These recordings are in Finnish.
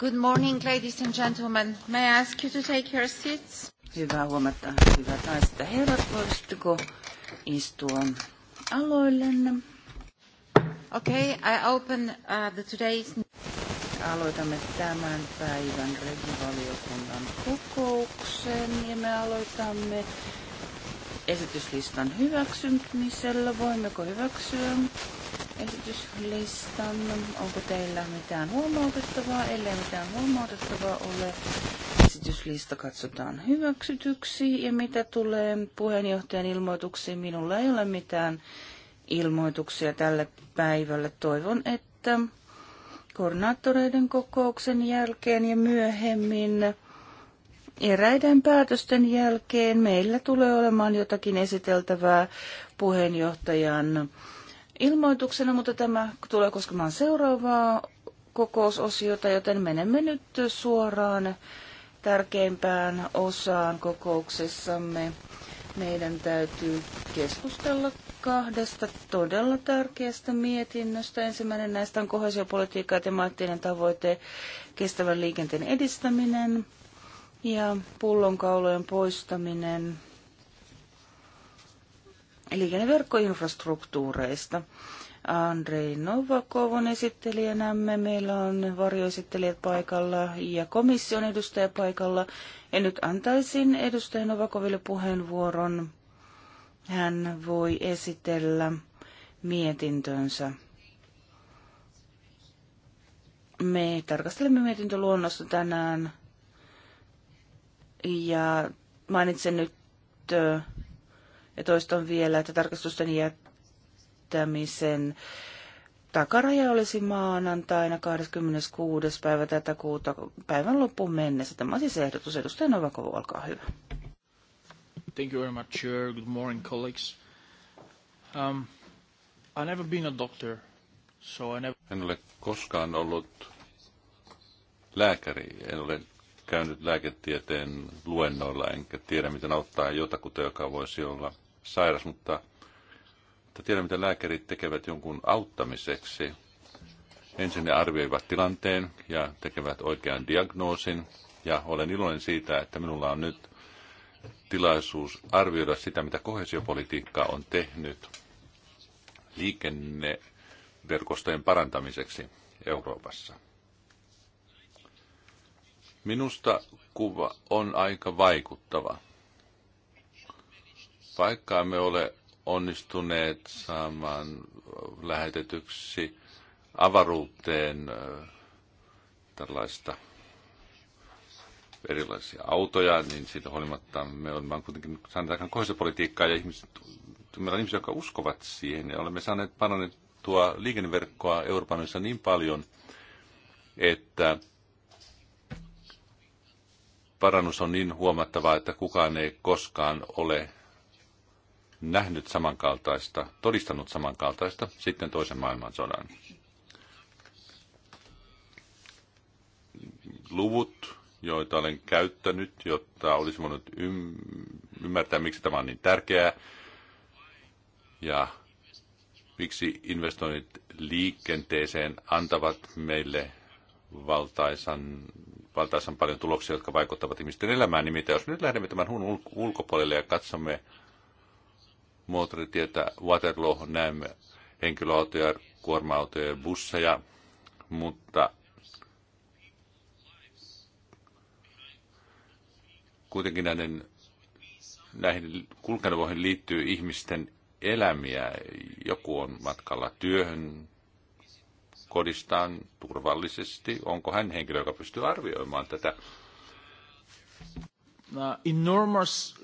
Good morning, ladies and gentlemen. May I ask you to take your seats? Hyvää huomenta, hyvät naiset ja herrat. Voisitteko istua aloillenne? Okay, I open uh, today's... Aloitamme tämän päivän regivaliokunnan kokouksen ja me aloitamme esityslistan hyväksymisellä. Voimmeko hyväksyä? esityslistamme. Onko teillä mitään huomautettavaa? Ellei mitään huomautettavaa ole, esityslista katsotaan hyväksytyksi. Ja mitä tulee puheenjohtajan ilmoituksiin, minulla ei ole mitään ilmoituksia tälle päivälle. Toivon, että koordinaattoreiden kokouksen jälkeen ja myöhemmin eräiden päätösten jälkeen meillä tulee olemaan jotakin esiteltävää puheenjohtajan ilmoituksena, mutta tämä tulee koskemaan seuraavaa kokousosiota, joten menemme nyt suoraan tärkeimpään osaan kokouksessamme. Meidän täytyy keskustella kahdesta todella tärkeästä mietinnöstä. Ensimmäinen näistä on kohesiopolitiikka ja temaattinen tavoite kestävän liikenteen edistäminen ja pullonkaulojen poistaminen liikenneverkkoinfrastruktuureista. Andrei Novakov on esittelijänämme. Meillä on varjoesittelijät paikalla ja komission edustaja paikalla. Ja nyt antaisin edustaja Novakoville puheenvuoron. Hän voi esitellä mietintönsä. Me tarkastelemme mietintöluonnosta tänään ja mainitsen nyt ja toistan vielä, että tarkastusten jättämisen takaraja olisi maanantaina 26. päivä tätä kuuta päivän loppuun mennessä. Tämä on siis ehdotus. Edustaja Novakov, olkaa hyvä. Thank you very much, Chair. Good morning, colleagues. Um, I've never been a doctor, so I never... En ole koskaan ollut lääkäri. En ole käynyt lääketieteen luennoilla, enkä tiedä, miten auttaa jotakuta, joka voisi olla sairas, mutta, mutta tiedän, mitä lääkärit tekevät jonkun auttamiseksi. Ensin ne arvioivat tilanteen ja tekevät oikean diagnoosin. Ja olen iloinen siitä, että minulla on nyt tilaisuus arvioida sitä, mitä kohesiopolitiikka on tehnyt liikenneverkostojen parantamiseksi Euroopassa. Minusta kuva on aika vaikuttava vaikka me ole onnistuneet saamaan lähetetyksi avaruuteen tällaista erilaisia autoja, niin siitä huolimatta me olemme kuitenkin saaneet aikaan politiikkaa ja ihmiset, meillä on ihmisiä, jotka uskovat siihen ja olemme saaneet parannettua liikenneverkkoa Euroopan niin paljon, että parannus on niin huomattava, että kukaan ei koskaan ole nähnyt samankaltaista, todistanut samankaltaista sitten toisen maailmansodan. Luvut, joita olen käyttänyt, jotta olisi voinut ymmärtää, miksi tämä on niin tärkeää ja miksi investoinnit liikenteeseen antavat meille valtaisan, valtaisan paljon tuloksia, jotka vaikuttavat ihmisten elämään. Nimittäin jos nyt lähdemme tämän huun ulkopuolelle ja katsomme moottoritietä Waterloo näemme henkilöautoja, kuorma-autoja ja busseja, mutta kuitenkin näiden, näihin kulkeneuvoihin liittyy ihmisten elämiä. Joku on matkalla työhön, kodistaan turvallisesti. Onko hän henkilö, joka pystyy arvioimaan tätä? Uh, enormous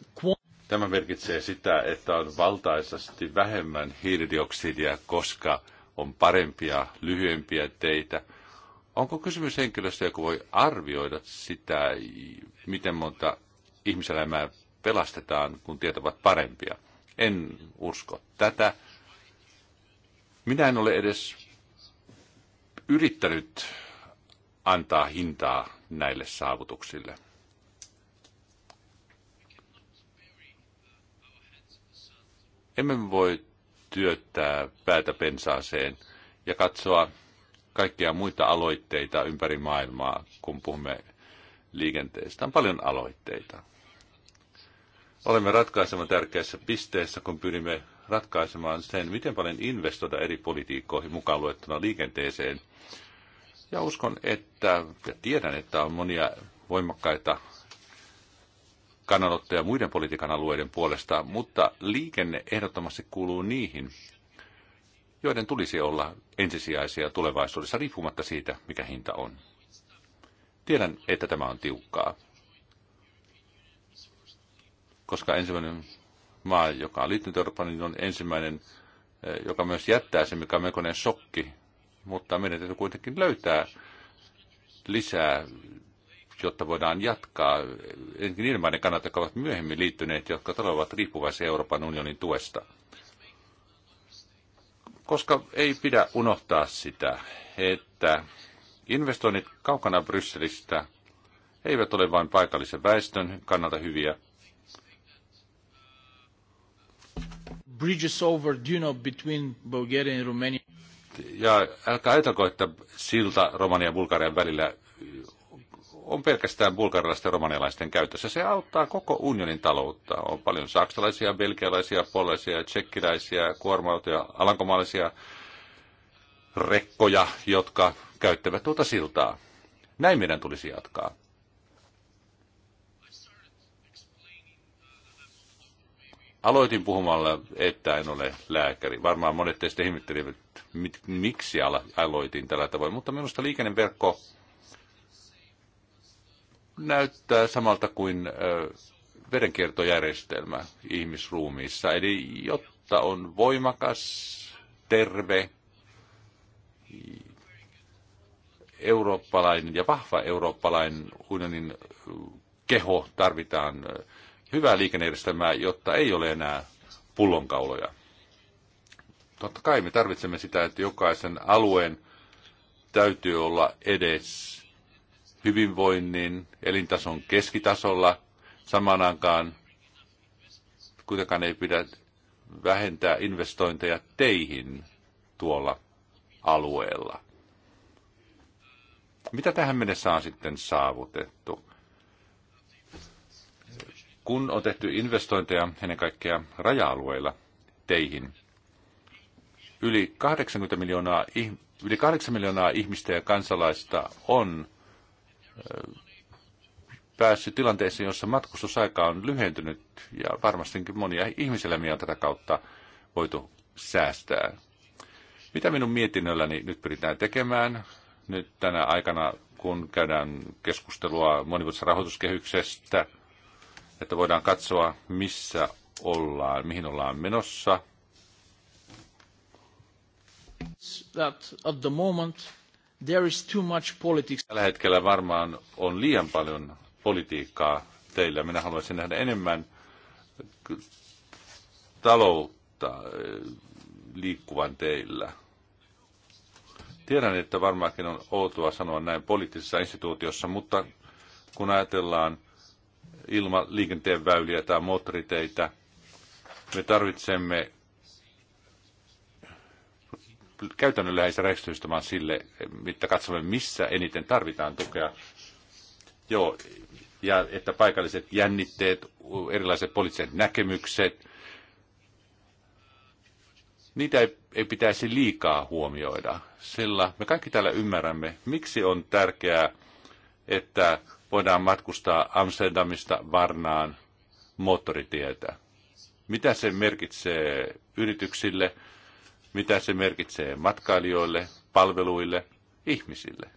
Tämä merkitsee sitä, että on valtaisesti vähemmän hiilidioksidia, koska on parempia, lyhyempiä teitä. Onko kysymys henkilöstä, joka voi arvioida sitä, miten monta ihmiselämää pelastetaan, kun tiet ovat parempia? En usko tätä. Minä en ole edes yrittänyt antaa hintaa näille saavutuksille. Emme voi työttää päätä pensaaseen ja katsoa kaikkia muita aloitteita ympäri maailmaa, kun puhumme liikenteestä. On paljon aloitteita. Olemme ratkaisemaan tärkeässä pisteessä, kun pyrimme ratkaisemaan sen, miten paljon investoida eri politiikkoihin mukaan luettuna liikenteeseen. Ja uskon, että ja tiedän, että on monia voimakkaita kannanottoja muiden politiikan alueiden puolesta, mutta liikenne ehdottomasti kuuluu niihin, joiden tulisi olla ensisijaisia tulevaisuudessa riippumatta siitä, mikä hinta on. Tiedän, että tämä on tiukkaa, koska ensimmäinen maa, joka on liittynyt Euroopan, niin on ensimmäinen, eh, joka myös jättää sen, mikä on melkoinen shokki, mutta meidän täytyy kuitenkin löytää lisää jotta voidaan jatkaa niiden maiden kannalta, jotka ovat myöhemmin liittyneet, jotka todella ovat riippuvaisia Euroopan unionin tuesta. Koska ei pidä unohtaa sitä, että investoinnit kaukana Brysselistä eivät ole vain paikallisen väestön kannalta hyviä. Bridges over Dunab between Bulgaria and Romania ja älkää ajatelko, että silta Romania ja Bulgarian välillä on pelkästään bulgarilaisten ja romanialaisten käytössä. Se auttaa koko unionin taloutta. On paljon saksalaisia, belgialaisia, puolalaisia, tsekkiläisiä, kuorma autoja alankomaalaisia rekkoja, jotka käyttävät tuota siltaa. Näin meidän tulisi jatkaa. Aloitin puhumalla, että en ole lääkäri. Varmaan monet teistä ihmettelivät, miksi aloitin tällä tavoin, mutta minusta liikenneverkko näyttää samalta kuin verenkiertojärjestelmä ihmisruumiissa. Eli jotta on voimakas, terve, eurooppalainen ja vahva eurooppalainen unionin keho tarvitaan hyvää liikennejärjestelmää, jotta ei ole enää pullonkauloja. Totta kai me tarvitsemme sitä, että jokaisen alueen täytyy olla edes hyvinvoinnin elintason keskitasolla. Samaan aikaan kuitenkaan ei pidä vähentää investointeja teihin tuolla alueella. Mitä tähän mennessä on sitten saavutettu? Kun on tehty investointeja ennen kaikkea raja-alueilla teihin, yli 80 miljoonaa, yli 8 miljoonaa ihmistä ja kansalaista on päässyt tilanteeseen, jossa matkustusaika on lyhentynyt ja varmastikin monia ihmiselämiä on tätä kautta voitu säästää. Mitä minun mietinnölläni nyt pyritään tekemään nyt tänä aikana, kun käydään keskustelua monivuotisesta rahoituskehyksestä, että voidaan katsoa, missä ollaan, mihin ollaan menossa. That at the moment There is too much politics. Tällä hetkellä varmaan on liian paljon politiikkaa teillä. Minä haluaisin nähdä enemmän taloutta eh, liikkuvan teillä. Tiedän, että varmaankin on outoa sanoa näin poliittisessa instituutiossa, mutta kun ajatellaan ilma liikenteen väyliä tai moottoriteitä, me tarvitsemme käytännönläheisen lähestymistavan sille, mitä katsomme, missä eniten tarvitaan tukea. Joo, ja että paikalliset jännitteet, erilaiset poliittiset näkemykset, niitä ei, ei pitäisi liikaa huomioida, sillä me kaikki täällä ymmärrämme, miksi on tärkeää, että voidaan matkustaa Amsterdamista Varnaan moottoritietä. Mitä se merkitsee yrityksille – mitä se merkitsee matkailijoille, palveluille, ihmisille.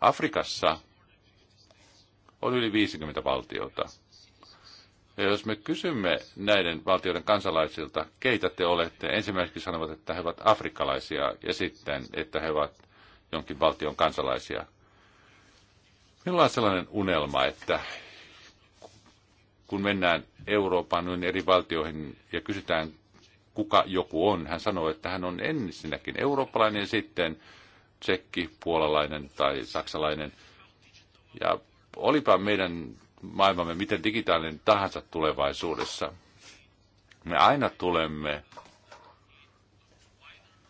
Afrikassa on yli 50 valtiota. Ja jos me kysymme näiden valtioiden kansalaisilta, keitä te olette, ensimmäiseksi sanovat, että he ovat afrikkalaisia ja sitten, että he ovat jonkin valtion kansalaisia. Minulla on sellainen unelma, että kun mennään Euroopan noin eri valtioihin ja kysytään, kuka joku on, hän sanoo, että hän on ensinnäkin eurooppalainen ja sitten tsekki, puolalainen tai saksalainen. Ja olipa meidän maailmamme miten digitaalinen tahansa tulevaisuudessa, me aina tulemme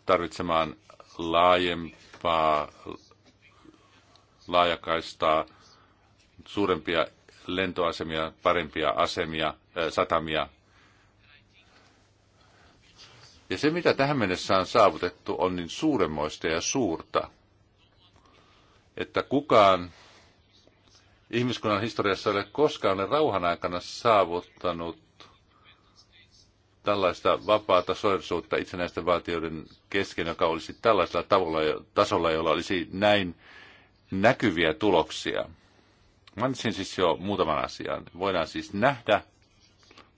tarvitsemaan laajempaa laajakaistaa, suurempia lentoasemia, parempia asemia, satamia. Ja se, mitä tähän mennessä on saavutettu, on niin suuremmoista ja suurta, että kukaan ihmiskunnan historiassa ei ole koskaan ole rauhan aikana saavuttanut tällaista vapaata sodellisuutta itsenäisten valtioiden kesken, joka olisi tällaisella tavalla, tasolla, jolla olisi näin näkyviä tuloksia. Mainitsin siis jo muutaman asian. Voidaan siis nähdä,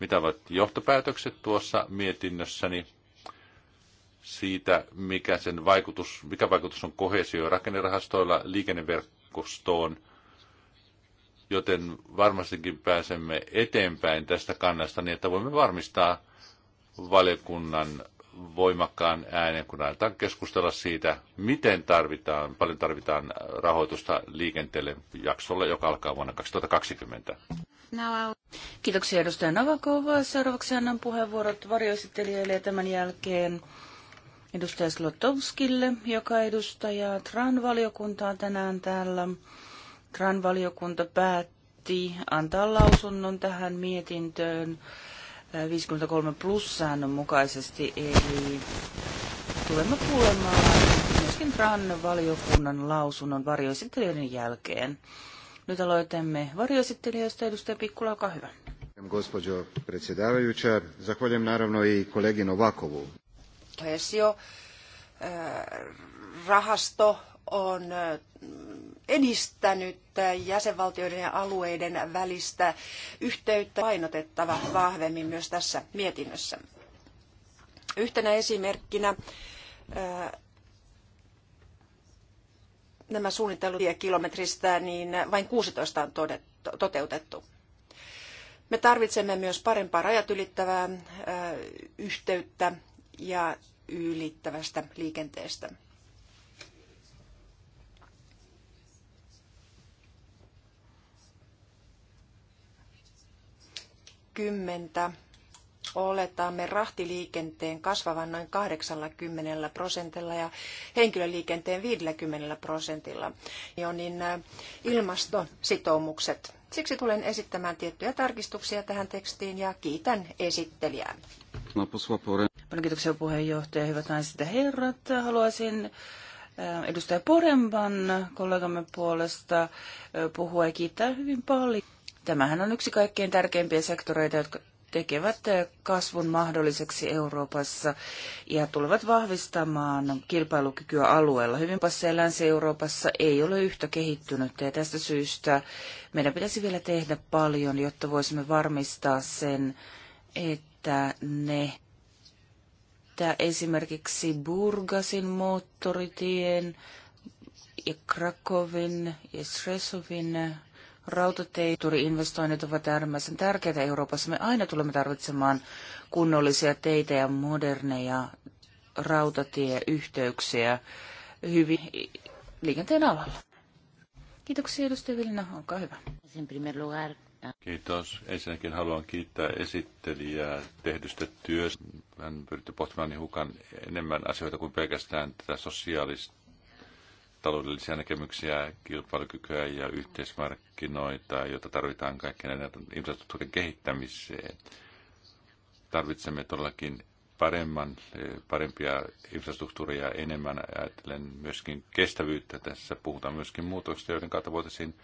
mitä ovat johtopäätökset tuossa mietinnössäni siitä, mikä, sen vaikutus, mikä vaikutus on kohesio- ja rakennerahastoilla liikenneverkostoon, joten varmastikin pääsemme eteenpäin tästä kannasta niin, että voimme varmistaa valiokunnan voimakkaan äänen, kun aletaan keskustella siitä, miten tarvitaan, paljon tarvitaan rahoitusta liikenteelle jaksolle, joka alkaa vuonna 2020. Kiitoksia edustaja Navakova, Seuraavaksi annan puheenvuorot varjoesittelijöille ja tämän jälkeen edustaja Slotowskille, joka edustaa TRAN-valiokuntaa tänään täällä. TRAN-valiokunta päätti antaa lausunnon tähän mietintöön 53 plus-säännön mukaisesti, eli tulemme kuulemaan myöskin TRAN-valiokunnan lausunnon varjoesittelijöiden jälkeen. Nyt aloitamme varjoesittelijöistä. Edustaja Pikkula, olkaa hyvä. Gospođo predsjedavajuća, zahvaljujem naravno i kolegi Novakovu. Kohesio, eh, rahasto on edistänyt jäsenvaltioiden ja alueiden välistä yhteyttä painotettava vahvemmin myös tässä mietinnössä. Yhtenä esimerkkinä nämä suunnitellut kilometristä, niin vain 16 on toteutettu. Me tarvitsemme myös parempaa rajat ylittävää yhteyttä ja ylittävästä liikenteestä. 2020 oletamme rahtiliikenteen kasvavan noin 80 prosentilla ja henkilöliikenteen 50 prosentilla, niin äh, ilmastositoumukset. Siksi tulen esittämään tiettyjä tarkistuksia tähän tekstiin ja kiitän esittelijää. No, paljon kiitoksia puheenjohtaja, hyvät naiset ja herrat. Haluaisin äh, edustaja Poremban kollegamme puolesta äh, puhua ja kiittää hyvin paljon. Tämähän on yksi kaikkein tärkeimpiä sektoreita, jotka tekevät eh, kasvun mahdolliseksi Euroopassa ja tulevat vahvistamaan kilpailukykyä alueella. Hyvin Länsi-Euroopassa ei ole yhtä kehittynyt ja tästä syystä meidän pitäisi vielä tehdä paljon, jotta voisimme varmistaa sen, että ne että esimerkiksi Burgasin moottoritien ja Krakovin ja Sresovin rautateihturi ovat äärimmäisen tärkeitä Euroopassa. Me aina tulemme tarvitsemaan kunnollisia teitä ja moderneja rautatieyhteyksiä hyvin liikenteen alalla. Kiitoksia edustaja Vilina, olkaa hyvä. Kiitos. Ensinnäkin haluan kiittää esittelijää tehdystä työstä. Hän pyritti pohtimaan hukan enemmän asioita kuin pelkästään tätä sosiaalista taloudellisia näkemyksiä, kilpailukykyä ja yhteismarkkinoita, joita tarvitaan kaikkien näiden infrastruktuurin kehittämiseen. Tarvitsemme todellakin paremman, parempia infrastruktuuria enemmän. Ajattelen myöskin kestävyyttä. Tässä puhutaan myöskin muutoksista, joiden kautta voitaisiin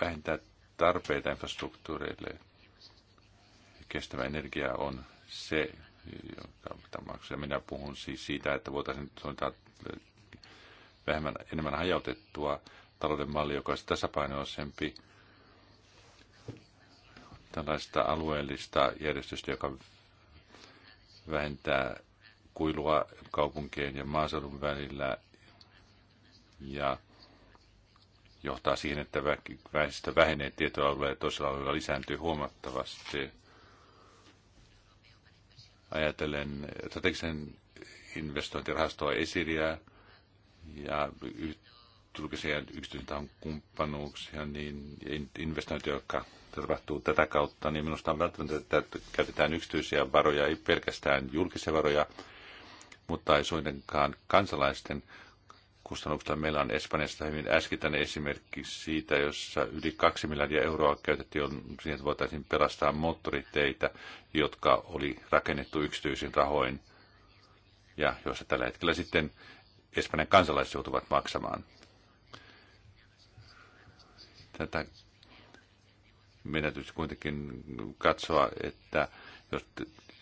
vähentää tarpeita infrastruktuureille. Kestävä energia on se jonka minä puhun siis siitä, että voitaisiin suunnitella vähemmän, enemmän hajautettua talouden malli, joka olisi tasapainoisempi tällaista alueellista järjestystä, joka vähentää kuilua kaupunkien ja maaseudun välillä ja johtaa siihen, että väestö vähenee tietyllä alueella ja toisella alueella lisääntyy huomattavasti ajatellen strategisen investointirahastoa esiriä ja julkisia yksityisen kumppanuuksia, niin investointi, joka tapahtuu tätä kautta, niin minusta on välttämättä, että käytetään yksityisiä varoja, ei pelkästään julkisia varoja, mutta ei suinkaan kansalaisten kustannuksella. Meillä on Espanjasta hyvin äskettäinen esimerkki siitä, jossa yli kaksi miljardia euroa käytettiin siihen, että voitaisiin pelastaa moottoriteitä, jotka oli rakennettu yksityisin rahoin ja joissa tällä hetkellä sitten Espanjan kansalaiset joutuvat maksamaan. Tätä meidän täytyy kuitenkin katsoa, että jos,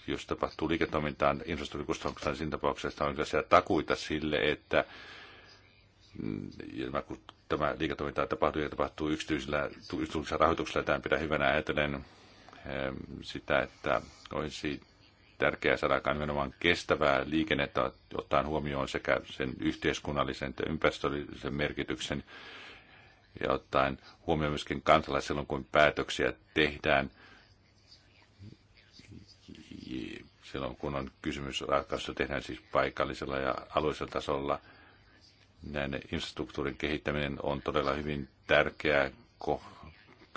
jos tapahtuu liiketoimintaan infrastruktuurikustannuksena, niin siinä tapauksessa on sellaisia takuita sille, että kun tämä liiketoiminta tapahtuu ja tapahtuu yksityisellä, yksityisellä rahoituksella, tämän pitää hyvänä ajatellen ehm, sitä, että olisi tärkeää saada nimenomaan kestävää liikennettä ottaen huomioon sekä sen yhteiskunnallisen että ympäristöllisen merkityksen ja ottaen huomioon myöskin kansalaiset silloin, kun päätöksiä tehdään silloin, kun on kysymys ratkaisusta, tehdään siis paikallisella ja alueellisella tasolla – näin infrastruktuurin kehittäminen on todella hyvin tärkeä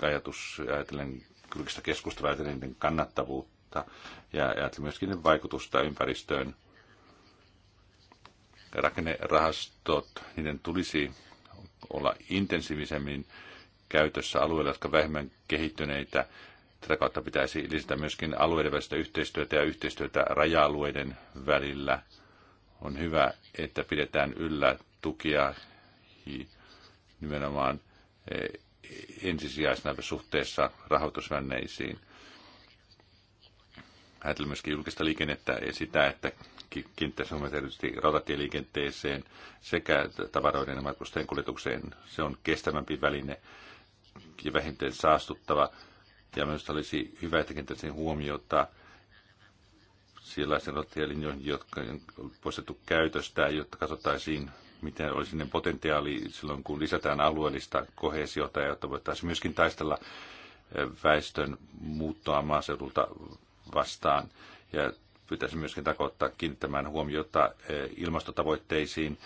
ajatus, ajatellen julkista keskustelua, ajatellen kannattavuutta ja ajatellen myöskin vaikutusta ympäristöön. Rakennerahastot, niiden tulisi olla intensiivisemmin käytössä alueilla, jotka vähemmän kehittyneitä. Tätä kautta pitäisi lisätä myöskin alueiden välistä yhteistyötä ja yhteistyötä raja-alueiden välillä. On hyvä, että pidetään yllä tukea nimenomaan e, ensisijaisena suhteessa rahoitusvänneisiin. Ajatellaan myöskin julkista liikennettä ja sitä, että kiinnittää huomiota erityisesti rautatieliikenteeseen sekä tavaroiden ja matkustajien kuljetukseen. Se on kestävämpi väline ja vähintään saastuttava. Ja minusta olisi hyvä, että kiinnittäisiin huomiota sellaisiin rautatielinjoihin, jotka on poistettu käytöstä, jotta katsottaisiin mitä olisi ne potentiaali silloin, kun lisätään alueellista kohesiota, jotta voitaisiin myöskin taistella eh, väestön muuttoa maaseudulta vastaan. Ja pitäisi myöskin takottaa kiinnittämään huomiota eh, ilmastotavoitteisiin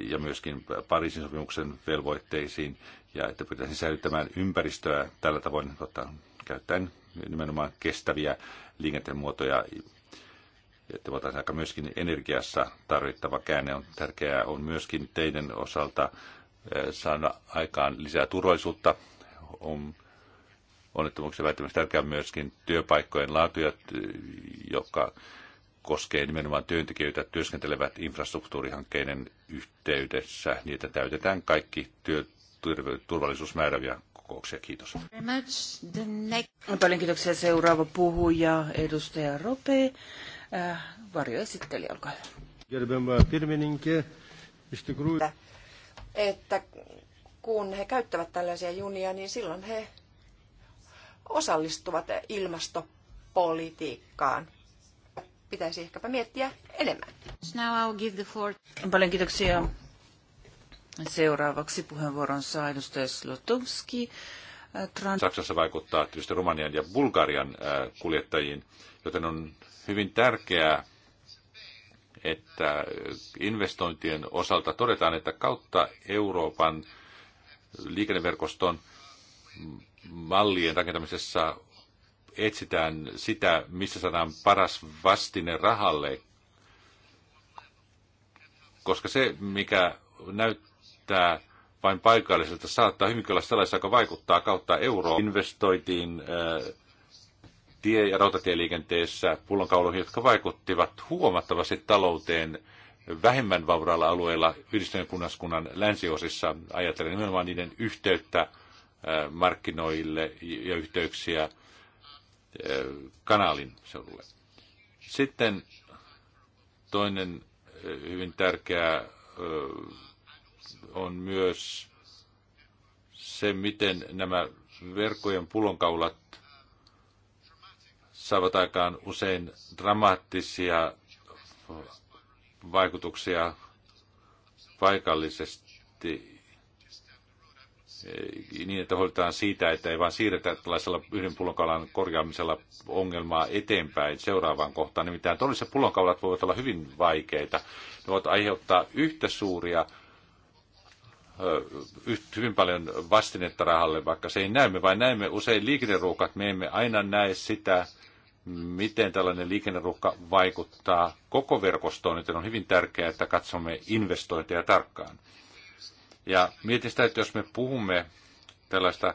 ja myöskin Pariisin sopimuksen velvoitteisiin ja että pitäisi säilyttämään ympäristöä tällä tavoin tota, käyttäen nimenomaan kestäviä liikenteen muotoja että voitaisiin aika myöskin energiassa tarvittava käänne on tärkeää, on myöskin teidän osalta saada aikaan lisää turvallisuutta. On onnettomuuksia välttämättä tärkeää myöskin työpaikkojen laatuja, joka koskee nimenomaan työntekijöitä työskentelevät infrastruktuurihankkeiden yhteydessä, niin että täytetään kaikki työ, turvallisuusmääräviä kokouksia. Kiitos. Paljon kiitoksia seuraava puhuja, edustaja Rope. Äh, varjoesittelijä, olkaa hyvä. Että kun he käyttävät tällaisia junia, niin silloin he osallistuvat ilmastopolitiikkaan. Pitäisi ehkäpä miettiä enemmän. Now I'll give the floor. Paljon kiitoksia. Seuraavaksi puheenvuoron saa edustaja Slotowski. Äh, Trans- Saksassa vaikuttaa tietysti Romanian ja Bulgarian äh, kuljettajiin, joten on hyvin tärkeää, että investointien osalta todetaan, että kautta Euroopan liikenneverkoston mallien rakentamisessa etsitään sitä, missä saadaan paras vastine rahalle, koska se, mikä näyttää vain paikalliselta, saattaa hyvinkin olla sellaisessa, joka vaikuttaa kautta euroon. Investoitiin äh, tie- ja rautatieliikenteessä pullonkauloihin, jotka vaikuttivat huomattavasti talouteen vähemmän vauraalla alueella yhdistyneen kunnaskunnan länsiosissa. ajatellen nimenomaan niiden yhteyttä äh, markkinoille ja yhteyksiä äh, kanaalin seudulle. Sitten toinen äh, hyvin tärkeä on myös se, miten nämä verkkojen pullonkaulat saavat aikaan usein dramaattisia vaikutuksia paikallisesti niin, että huolitaan siitä, että ei vain siirretä tällaisella yhden pullonkaulan korjaamisella ongelmaa eteenpäin seuraavaan kohtaan. Nimittäin todelliset pullonkaulat voivat olla hyvin vaikeita. Ne voivat aiheuttaa yhtä suuria hyvin paljon vastinetta rahalle, vaikka se ei näy. Me vain näemme usein liikenneruukat. Me emme aina näe sitä, miten tällainen liikenneruhka vaikuttaa koko verkostoon, joten on hyvin tärkeää, että katsomme investointeja tarkkaan. Ja mietin sitä, että jos me puhumme tällaista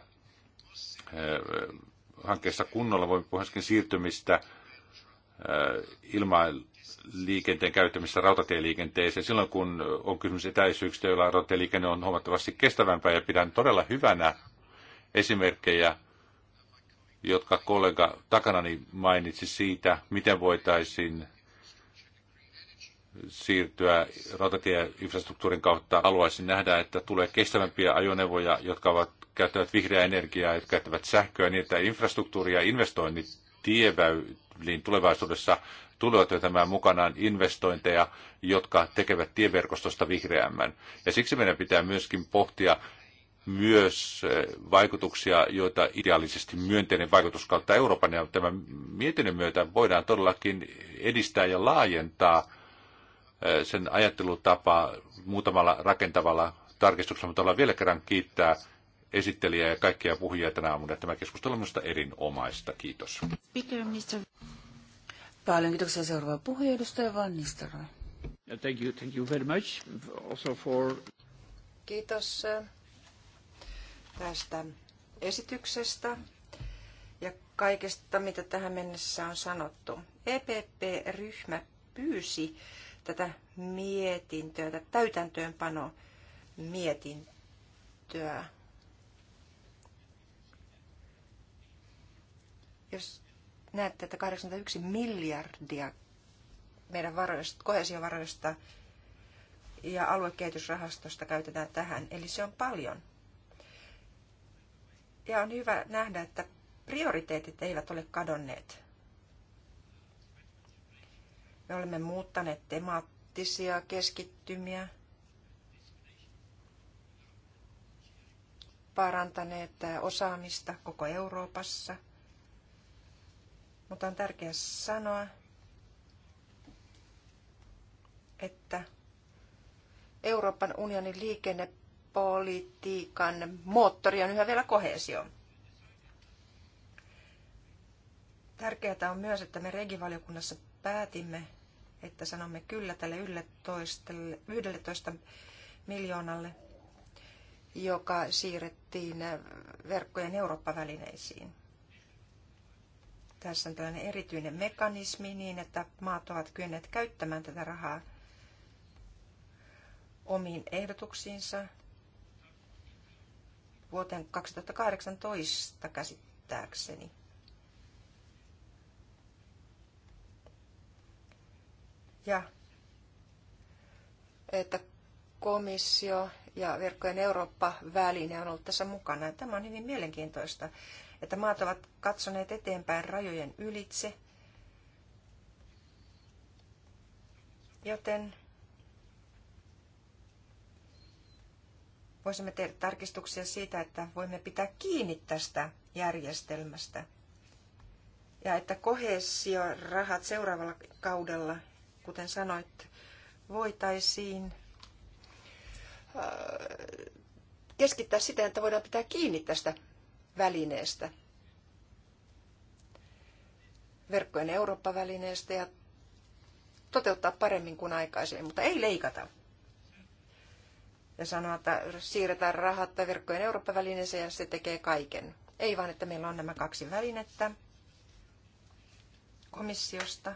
eh, hankkeessa kunnolla, voimme puhua siirtymistä eh, ilmaliikenteen käyttämistä rautatieliikenteeseen silloin, kun on kysymys etäisyyksistä, joilla rautatieliikenne on huomattavasti kestävämpää ja pidän todella hyvänä esimerkkejä jotka kollega takanani mainitsi siitä, miten voitaisiin siirtyä rautatieinfrastruktuurin kautta. Haluaisin nähdä, että tulee kestävämpiä ajoneuvoja, jotka ovat, käyttävät vihreää energiaa, jotka käyttävät sähköä, niin että infrastruktuuri ja investoinnit tieväyliin tulevaisuudessa tulevat tämän mukanaan investointeja, jotka tekevät tieverkostosta vihreämmän. Ja siksi meidän pitää myöskin pohtia myös eh, vaikutuksia, joita ideaalisesti myönteinen vaikutus kautta Euroopan ja tämän mietinnön myötä voidaan todellakin edistää ja laajentaa eh, sen ajattelutapaa muutamalla rakentavalla tarkistuksella, mutta ollaan vielä kerran kiittää esittelijää ja kaikkia puhujia tänä aamuna. Tämä keskustelu on minusta erinomaista. Kiitos. Paljon kiitoksia seuraava puhuja, edustaja Van Nistelrooy. Thank you, thank you very much also for... Kiitos tästä esityksestä ja kaikesta, mitä tähän mennessä on sanottu. EPP-ryhmä pyysi tätä mietintöä, tätä täytäntöönpano mietintöä. Jos näette, että 81 miljardia meidän varoista, kohesiovaroista ja aluekehitysrahastosta käytetään tähän, eli se on paljon. Ja on hyvä nähdä, että prioriteetit eivät ole kadonneet. Me olemme muuttaneet temaattisia keskittymiä, parantaneet osaamista koko Euroopassa. Mutta on tärkeää sanoa, että Euroopan unionin liikenne politiikan moottori on yhä vielä kohesio. Tärkeää on myös, että me regivaliokunnassa päätimme, että sanomme kyllä tälle 11, miljoonalle, joka siirrettiin verkkojen Eurooppa-välineisiin. Tässä on tällainen erityinen mekanismi niin, että maat ovat kyenneet käyttämään tätä rahaa omiin ehdotuksiinsa vuoteen 2018 käsittääkseni. Ja että komissio ja verkkojen Eurooppa-väline on ollut tässä mukana. Tämä on hyvin mielenkiintoista, että maat ovat katsoneet eteenpäin rajojen ylitse. Joten voisimme tehdä tarkistuksia siitä, että voimme pitää kiinni tästä järjestelmästä. Ja että rahat seuraavalla kaudella, kuten sanoit, voitaisiin äh, keskittää siten, että voidaan pitää kiinni tästä välineestä, verkkojen Eurooppa-välineestä ja toteuttaa paremmin kuin aikaisemmin, mutta ei leikata ja sanoa, että siirretään rahat verkkojen Eurooppa-välineeseen ja se tekee kaiken. Ei vaan, että meillä on nämä kaksi välinettä komissiosta.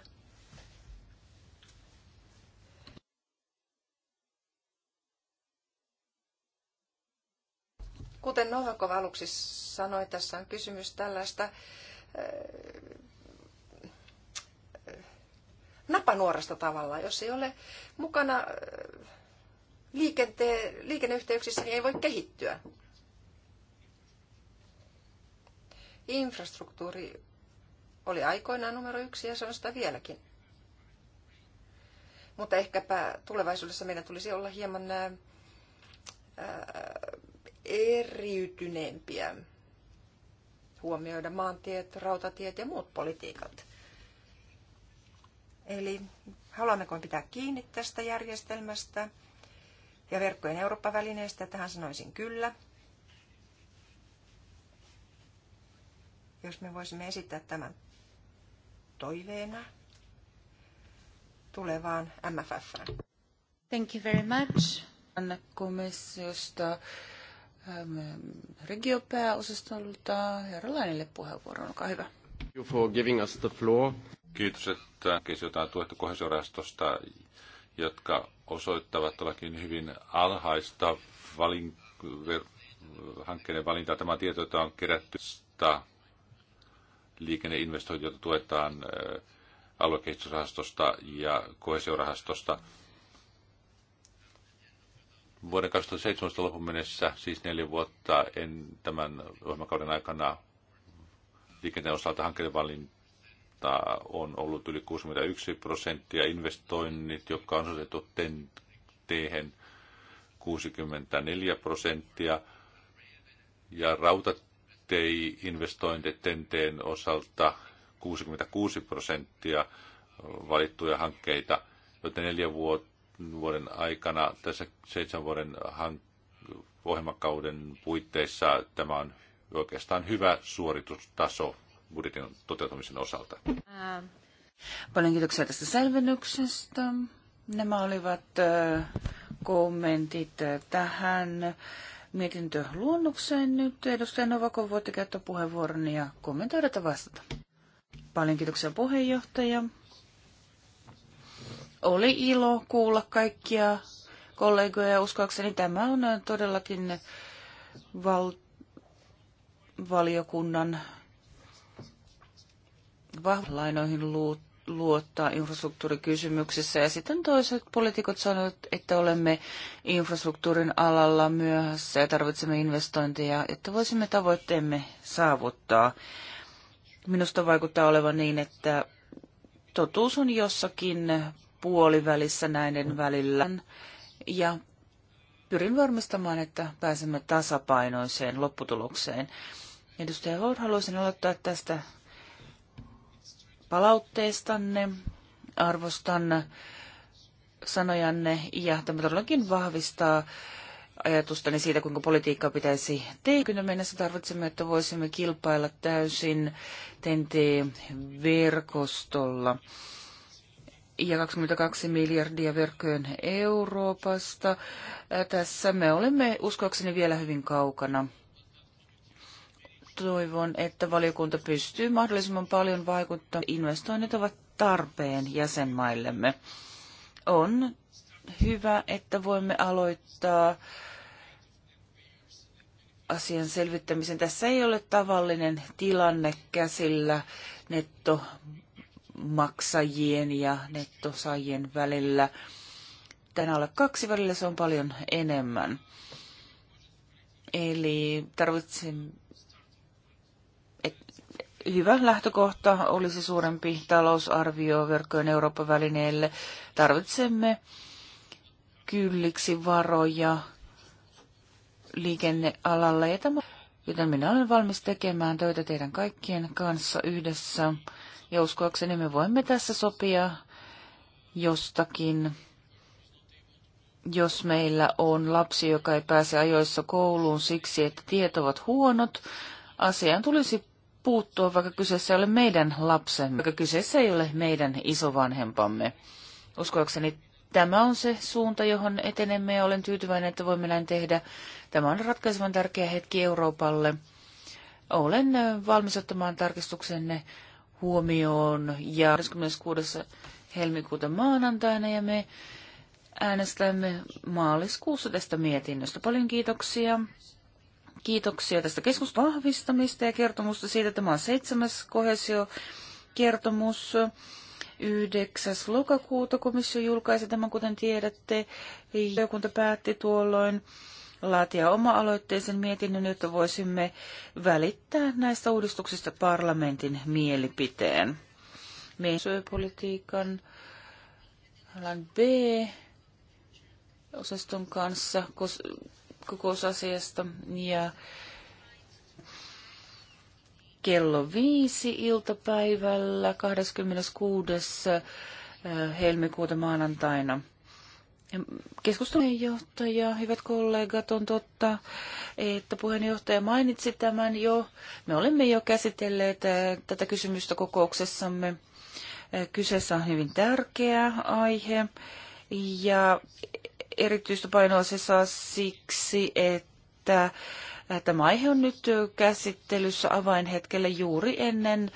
Kuten Novakov aluksi sanoi, tässä on kysymys tällaista äh, äh, napanuorasta tavallaan, jos ei ole mukana äh, liikente- liikenneyhteyksissä niin ei voi kehittyä. Infrastruktuuri oli aikoinaan numero yksi ja se on sitä vieläkin. Mutta ehkäpä tulevaisuudessa meidän tulisi olla hieman ää, eriytyneempiä, huomioida maantiet, rautatiet ja muut politiikat. Eli haluammeko pitää kiinni tästä järjestelmästä? Ja verkkojen Eurooppa-välineestä tähän sanoisin kyllä. Jos me voisimme esittää tämän toiveena tulevaan MFF. Thank you very much. Anna komissiosta ähm, regiopääosastolta herra Lainille puheenvuoron. Olkaa hyvä. Thank you for giving us the floor. Kiitos, että kysytään tuettu kohesiorastosta, jotka osoittavat todellakin hyvin alhaista valin, hankkeiden valintaa. Tämä tieto, jota on kerätty liikenneinvestointi, jota tuetaan aluekehitysrahastosta ja kohesiorahastosta. Vuoden 2017 lopun mennessä, siis neljä vuotta en tämän ohjelmakauden aikana liikenteen osalta hankkeiden valintaa osalta on ollut yli 61 prosenttia investoinnit, jotka on osoitettu TEHen 64 prosenttia ja rautatei-investoinnit TENTeen osalta 66 prosenttia valittuja hankkeita, joten neljän vuoden aikana tässä seitsemän vuoden hank- ohjelmakauden puitteissa tämä on oikeastaan hyvä suoritustaso budjetin toteutumisen osalta. Paljon kiitoksia tästä selvennyksestä. Nämä olivat kommentit tähän mietintöluonnokseen. Nyt edustaja Novako voitte käyttää puheenvuoron ja kommentoida tai vastata. Paljon kiitoksia puheenjohtaja. Oli ilo kuulla kaikkia kollegoja ja uskoakseni tämä on todellakin val- valiokunnan vahvalainoihin luottaa infrastruktuurikysymyksissä. Ja sitten toiset poliitikot sanoivat, että olemme infrastruktuurin alalla myöhässä ja tarvitsemme investointeja, että voisimme tavoitteemme saavuttaa. Minusta vaikuttaa olevan niin, että totuus on jossakin puolivälissä näiden välillä. Ja pyrin varmistamaan, että pääsemme tasapainoiseen lopputulokseen. Edustaja Holt, haluaisin aloittaa tästä palautteestanne. Arvostan sanojanne ja tämä todellakin vahvistaa ajatustani siitä, kuinka politiikkaa pitäisi tehdä. mennessä tarvitsemme, että voisimme kilpailla täysin TNT-verkostolla. Ja 22 miljardia verkkojen Euroopasta. Tässä me olemme uskoakseni vielä hyvin kaukana toivon, että valiokunta pystyy mahdollisimman paljon vaikuttamaan. Investoinnit ovat tarpeen jäsenmaillemme. On hyvä, että voimme aloittaa asian selvittämisen. Tässä ei ole tavallinen tilanne käsillä nettomaksajien ja nettosaajien välillä. Tänä alle kaksi välillä se on paljon enemmän. Eli tarvitsemme hyvä lähtökohta olisi suurempi talousarvio verkkojen Euroopan välineelle. Tarvitsemme kylliksi varoja liikennealalle, joten minä olen valmis tekemään töitä teidän kaikkien kanssa yhdessä. Ja uskoakseni me voimme tässä sopia jostakin, jos meillä on lapsi, joka ei pääse ajoissa kouluun siksi, että tiet ovat huonot. Asiaan tulisi puuttua, vaikka kyseessä ei ole meidän lapsemme, vaikka kyseessä ei ole meidän isovanhempamme. Uskoakseni tämä on se suunta, johon etenemme ja olen tyytyväinen, että voimme näin tehdä. Tämä on ratkaisevan tärkeä hetki Euroopalle. Olen valmis ottamaan tarkistuksenne huomioon ja 26. helmikuuta maanantaina ja me äänestämme maaliskuussa tästä mietinnöstä. Paljon kiitoksia. Kiitoksia tästä keskusvahvistamista ja kertomusta siitä. Tämä on seitsemäs kohesiokertomus. 9. lokakuuta komissio julkaisi tämän, kuten tiedätte. Jokunta päätti tuolloin laatia oma-aloitteisen mietinnön, jotta voisimme välittää näistä uudistuksista parlamentin mielipiteen. Meidän alan B osaston kanssa, kokousasiasta ja kello viisi iltapäivällä 26. Äh, helmikuuta maanantaina. Keskustelujohtaja, hyvät kollegat, on totta, että puheenjohtaja mainitsi tämän jo. Me olemme jo käsitelleet äh, tätä kysymystä kokouksessamme. Äh, kyseessä on hyvin tärkeä aihe ja erityistä painoa se saa siksi, että tämä aihe on nyt käsittelyssä avainhetkellä juuri ennen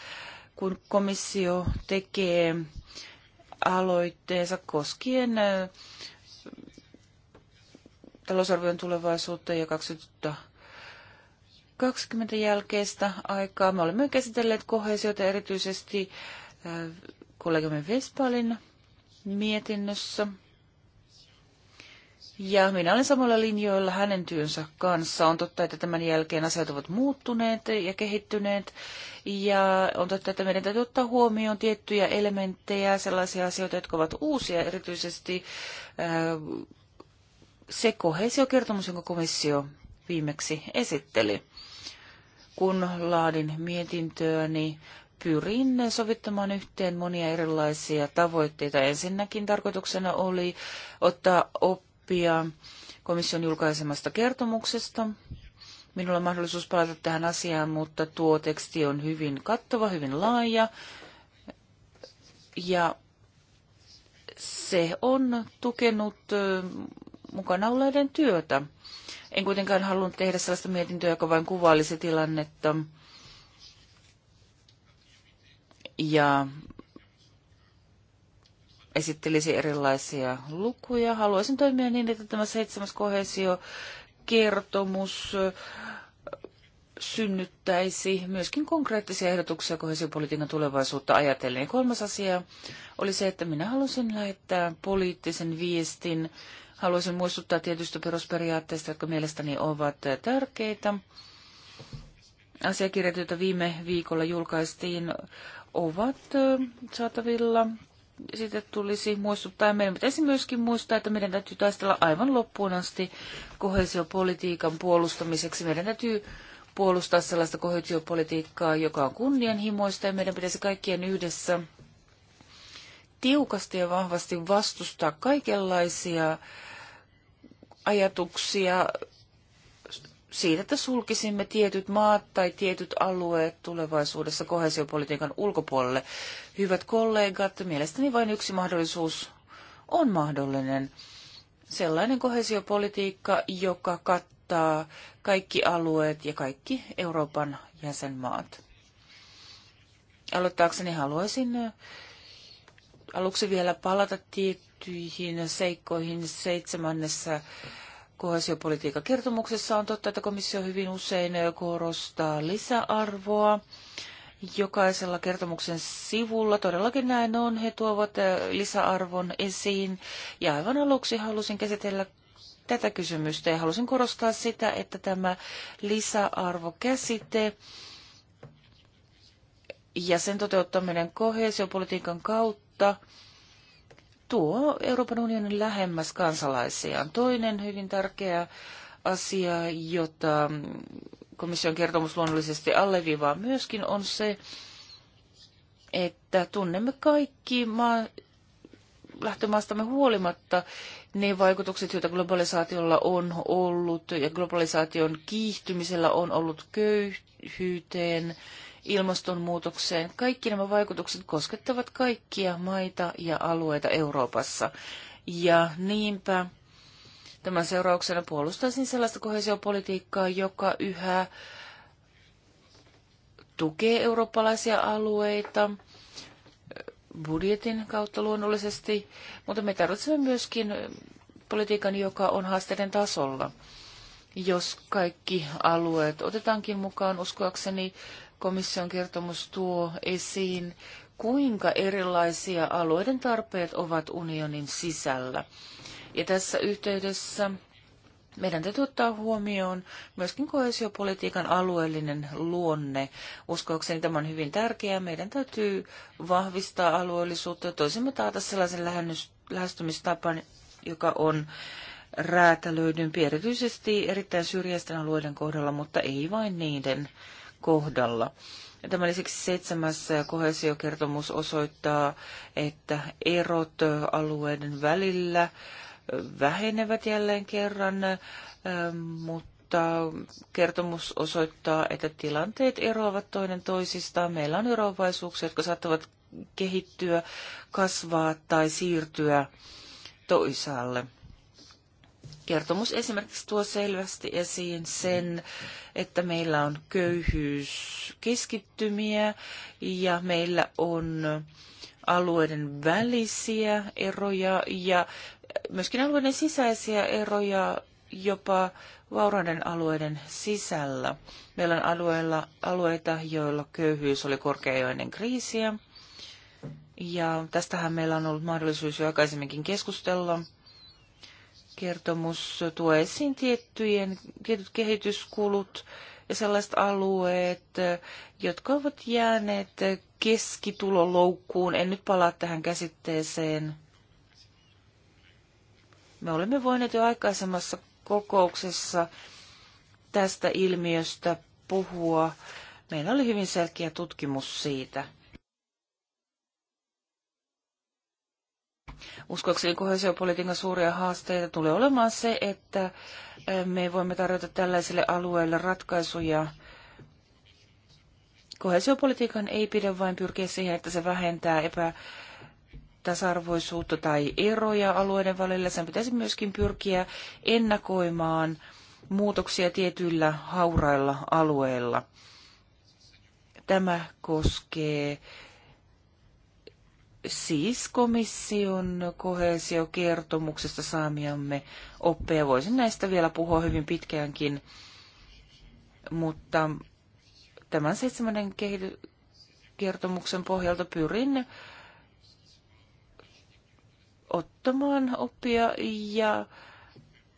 kuin komissio tekee aloitteensa koskien talousarvion tulevaisuutta ja 2020 jälkeistä aikaa. Me olemme käsitelleet kohesiota erityisesti kollegamme Vespalin mietinnössä ja minä olen samalla linjoilla hänen työnsä kanssa. On totta, että tämän jälkeen asiat ovat muuttuneet ja kehittyneet. Ja on totta, että meidän täytyy ottaa huomioon tiettyjä elementtejä, sellaisia asioita, jotka ovat uusia, erityisesti äh, se kohesiokertomus, jonka komissio viimeksi esitteli. Kun laadin mietintöäni, niin pyrin sovittamaan yhteen monia erilaisia tavoitteita. Ensinnäkin tarkoituksena oli ottaa op oppia komission julkaisemasta kertomuksesta. Minulla on mahdollisuus palata tähän asiaan, mutta tuo teksti on hyvin kattava, hyvin laaja. Ja se on tukenut mukana olleiden työtä. En kuitenkaan halunnut tehdä sellaista mietintöä, joka vain kuvailisi tilannetta ja esittelisi erilaisia lukuja. Haluaisin toimia niin, että tämä seitsemäs kertomus äh, synnyttäisi myöskin konkreettisia ehdotuksia kohesiopolitiikan tulevaisuutta ajatellen. Ja kolmas asia oli se, että minä halusin lähettää poliittisen viestin. Haluaisin muistuttaa tietystä perusperiaatteista, jotka mielestäni ovat tärkeitä. Asiakirjat, joita viime viikolla julkaistiin, ovat äh, saatavilla siitä tulisi muistuttaa. Meidän pitäisi myöskin muistaa, että meidän täytyy taistella aivan loppuun asti kohesiopolitiikan puolustamiseksi. Meidän täytyy puolustaa sellaista kohesiopolitiikkaa, joka on kunnianhimoista ja meidän pitäisi kaikkien yhdessä tiukasti ja vahvasti vastustaa kaikenlaisia ajatuksia, siitä, että sulkisimme tietyt maat tai tietyt alueet tulevaisuudessa kohesiopolitiikan ulkopuolelle. Hyvät kollegat, mielestäni vain yksi mahdollisuus on mahdollinen. Sellainen kohesiopolitiikka, joka kattaa kaikki alueet ja kaikki Euroopan jäsenmaat. Aloittaakseni haluaisin aluksi vielä palata tiettyihin seikkoihin seitsemännessä kohesiopolitiikan kertomuksessa on totta, että komissio hyvin usein korostaa lisäarvoa. Jokaisella kertomuksen sivulla todellakin näin on. He tuovat eh, lisäarvon esiin. Ja aivan aluksi halusin käsitellä tätä kysymystä ja halusin korostaa sitä, että tämä lisäarvokäsite ja sen toteuttaminen kohesiopolitiikan kautta – tuo Euroopan unionin lähemmäs kansalaisiaan. Toinen hyvin tärkeä asia, jota komission kertomus luonnollisesti alleviivaa myöskin, on se, että tunnemme kaikki maa, lähtömaastamme huolimatta ne vaikutukset, joita globalisaatiolla on ollut ja globalisaation kiihtymisellä on ollut köyhyyteen ilmastonmuutokseen. Kaikki nämä vaikutukset koskettavat kaikkia maita ja alueita Euroopassa. Ja niinpä tämän seurauksena puolustaisin sellaista kohesiopolitiikkaa, joka yhä tukee eurooppalaisia alueita budjetin kautta luonnollisesti, mutta me tarvitsemme myöskin politiikan, joka on haasteiden tasolla. Jos kaikki alueet otetaankin mukaan, uskoakseni komission kertomus tuo esiin, kuinka erilaisia alueiden tarpeet ovat unionin sisällä. Ja tässä yhteydessä meidän täytyy ottaa huomioon myöskin koesiopolitiikan alueellinen luonne. Uskoakseni tämä on hyvin tärkeää. Meidän täytyy vahvistaa alueellisuutta ja toisimme taata sellaisen lähestymistapan, joka on räätälöidympi erityisesti erittäin syrjäisten alueiden kohdalla, mutta ei vain niiden kohdalla. Tämän lisäksi seitsemäs kohesiokertomus osoittaa, että erot alueiden välillä vähenevät jälleen kerran, mutta kertomus osoittaa, että tilanteet eroavat toinen toisistaan. Meillä on eroavaisuuksia, jotka saattavat kehittyä, kasvaa tai siirtyä toisaalle. Kertomus esimerkiksi tuo selvästi esiin sen, että meillä on köyhyyskeskittymiä ja meillä on alueiden välisiä eroja ja myöskin alueiden sisäisiä eroja jopa vauraiden alueiden sisällä. Meillä on alueilla, alueita, joilla köyhyys oli korkea jo ennen kriisiä. Ja tästähän meillä on ollut mahdollisuus jo aikaisemminkin keskustella kertomus tuo esiin tiettyjen, tietyt kehityskulut ja sellaiset alueet, jotka ovat jääneet keskituloloukkuun. En nyt palaa tähän käsitteeseen. Me olemme voineet jo aikaisemmassa kokouksessa tästä ilmiöstä puhua. Meillä oli hyvin selkeä tutkimus siitä. Uskoakseni kohesiopolitiikan suuria haasteita tulee olemaan se, että me voimme tarjota tällaisille alueille ratkaisuja. Kohesiopolitiikan ei pidä vain pyrkiä siihen, että se vähentää epä tasa-arvoisuutta tai eroja alueiden välillä. Sen pitäisi myöskin pyrkiä ennakoimaan muutoksia tietyillä haurailla alueilla. Tämä koskee siis komission kohesiokertomuksesta saamiamme oppeja. Voisin näistä vielä puhua hyvin pitkäänkin, mutta tämän seitsemännen kertomuksen pohjalta pyrin ottamaan oppia ja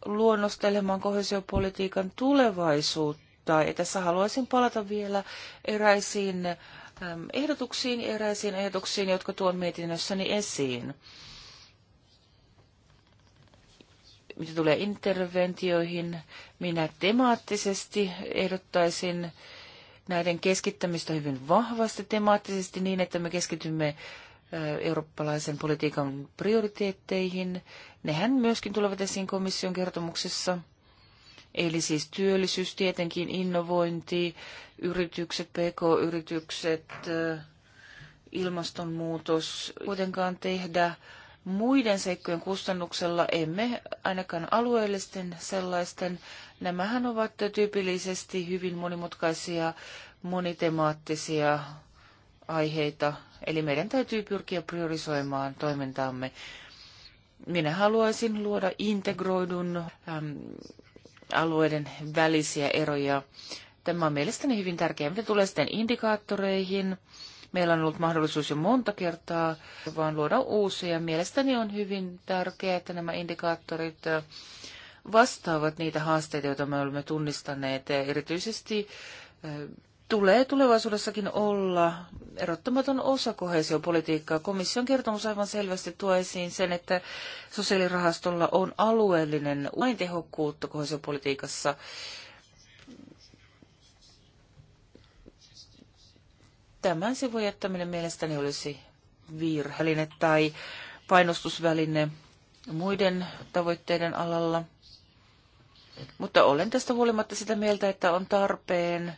luonnostelemaan kohesiopolitiikan tulevaisuutta. Ja tässä haluaisin palata vielä eräisiin ehdotuksiin eräisiin ehdotuksiin, jotka tuon mietinnössäni esiin. Mitä tulee interventioihin, minä temaattisesti ehdottaisin näiden keskittämistä hyvin vahvasti temaattisesti niin, että me keskitymme eurooppalaisen politiikan prioriteetteihin. Nehän myöskin tulevat esiin komission kertomuksessa – Eli siis työllisyys, tietenkin innovointi, yritykset, pk-yritykset, eh, ilmastonmuutos. Kuitenkaan tehdä muiden seikkojen kustannuksella, emme ainakaan alueellisten sellaisten. Nämähän ovat tyypillisesti hyvin monimutkaisia, monitemaattisia aiheita, eli meidän täytyy pyrkiä priorisoimaan toimintaamme. Minä haluaisin luoda integroidun alueiden välisiä eroja. Tämä on mielestäni hyvin tärkeää. Mitä tulee sitten indikaattoreihin, meillä on ollut mahdollisuus jo monta kertaa, vaan luoda uusia. Mielestäni on hyvin tärkeää, että nämä indikaattorit vastaavat niitä haasteita, joita me olemme tunnistaneet, erityisesti tulee tulevaisuudessakin olla erottamaton osa kohesiopolitiikkaa. Komission kertomus aivan selvästi tuo esiin sen, että sosiaalirahastolla on alueellinen vain tehokkuutta kohesiopolitiikassa. Tämän sivun jättäminen mielestäni olisi virheline tai painostusväline muiden tavoitteiden alalla. Mutta olen tästä huolimatta sitä mieltä, että on tarpeen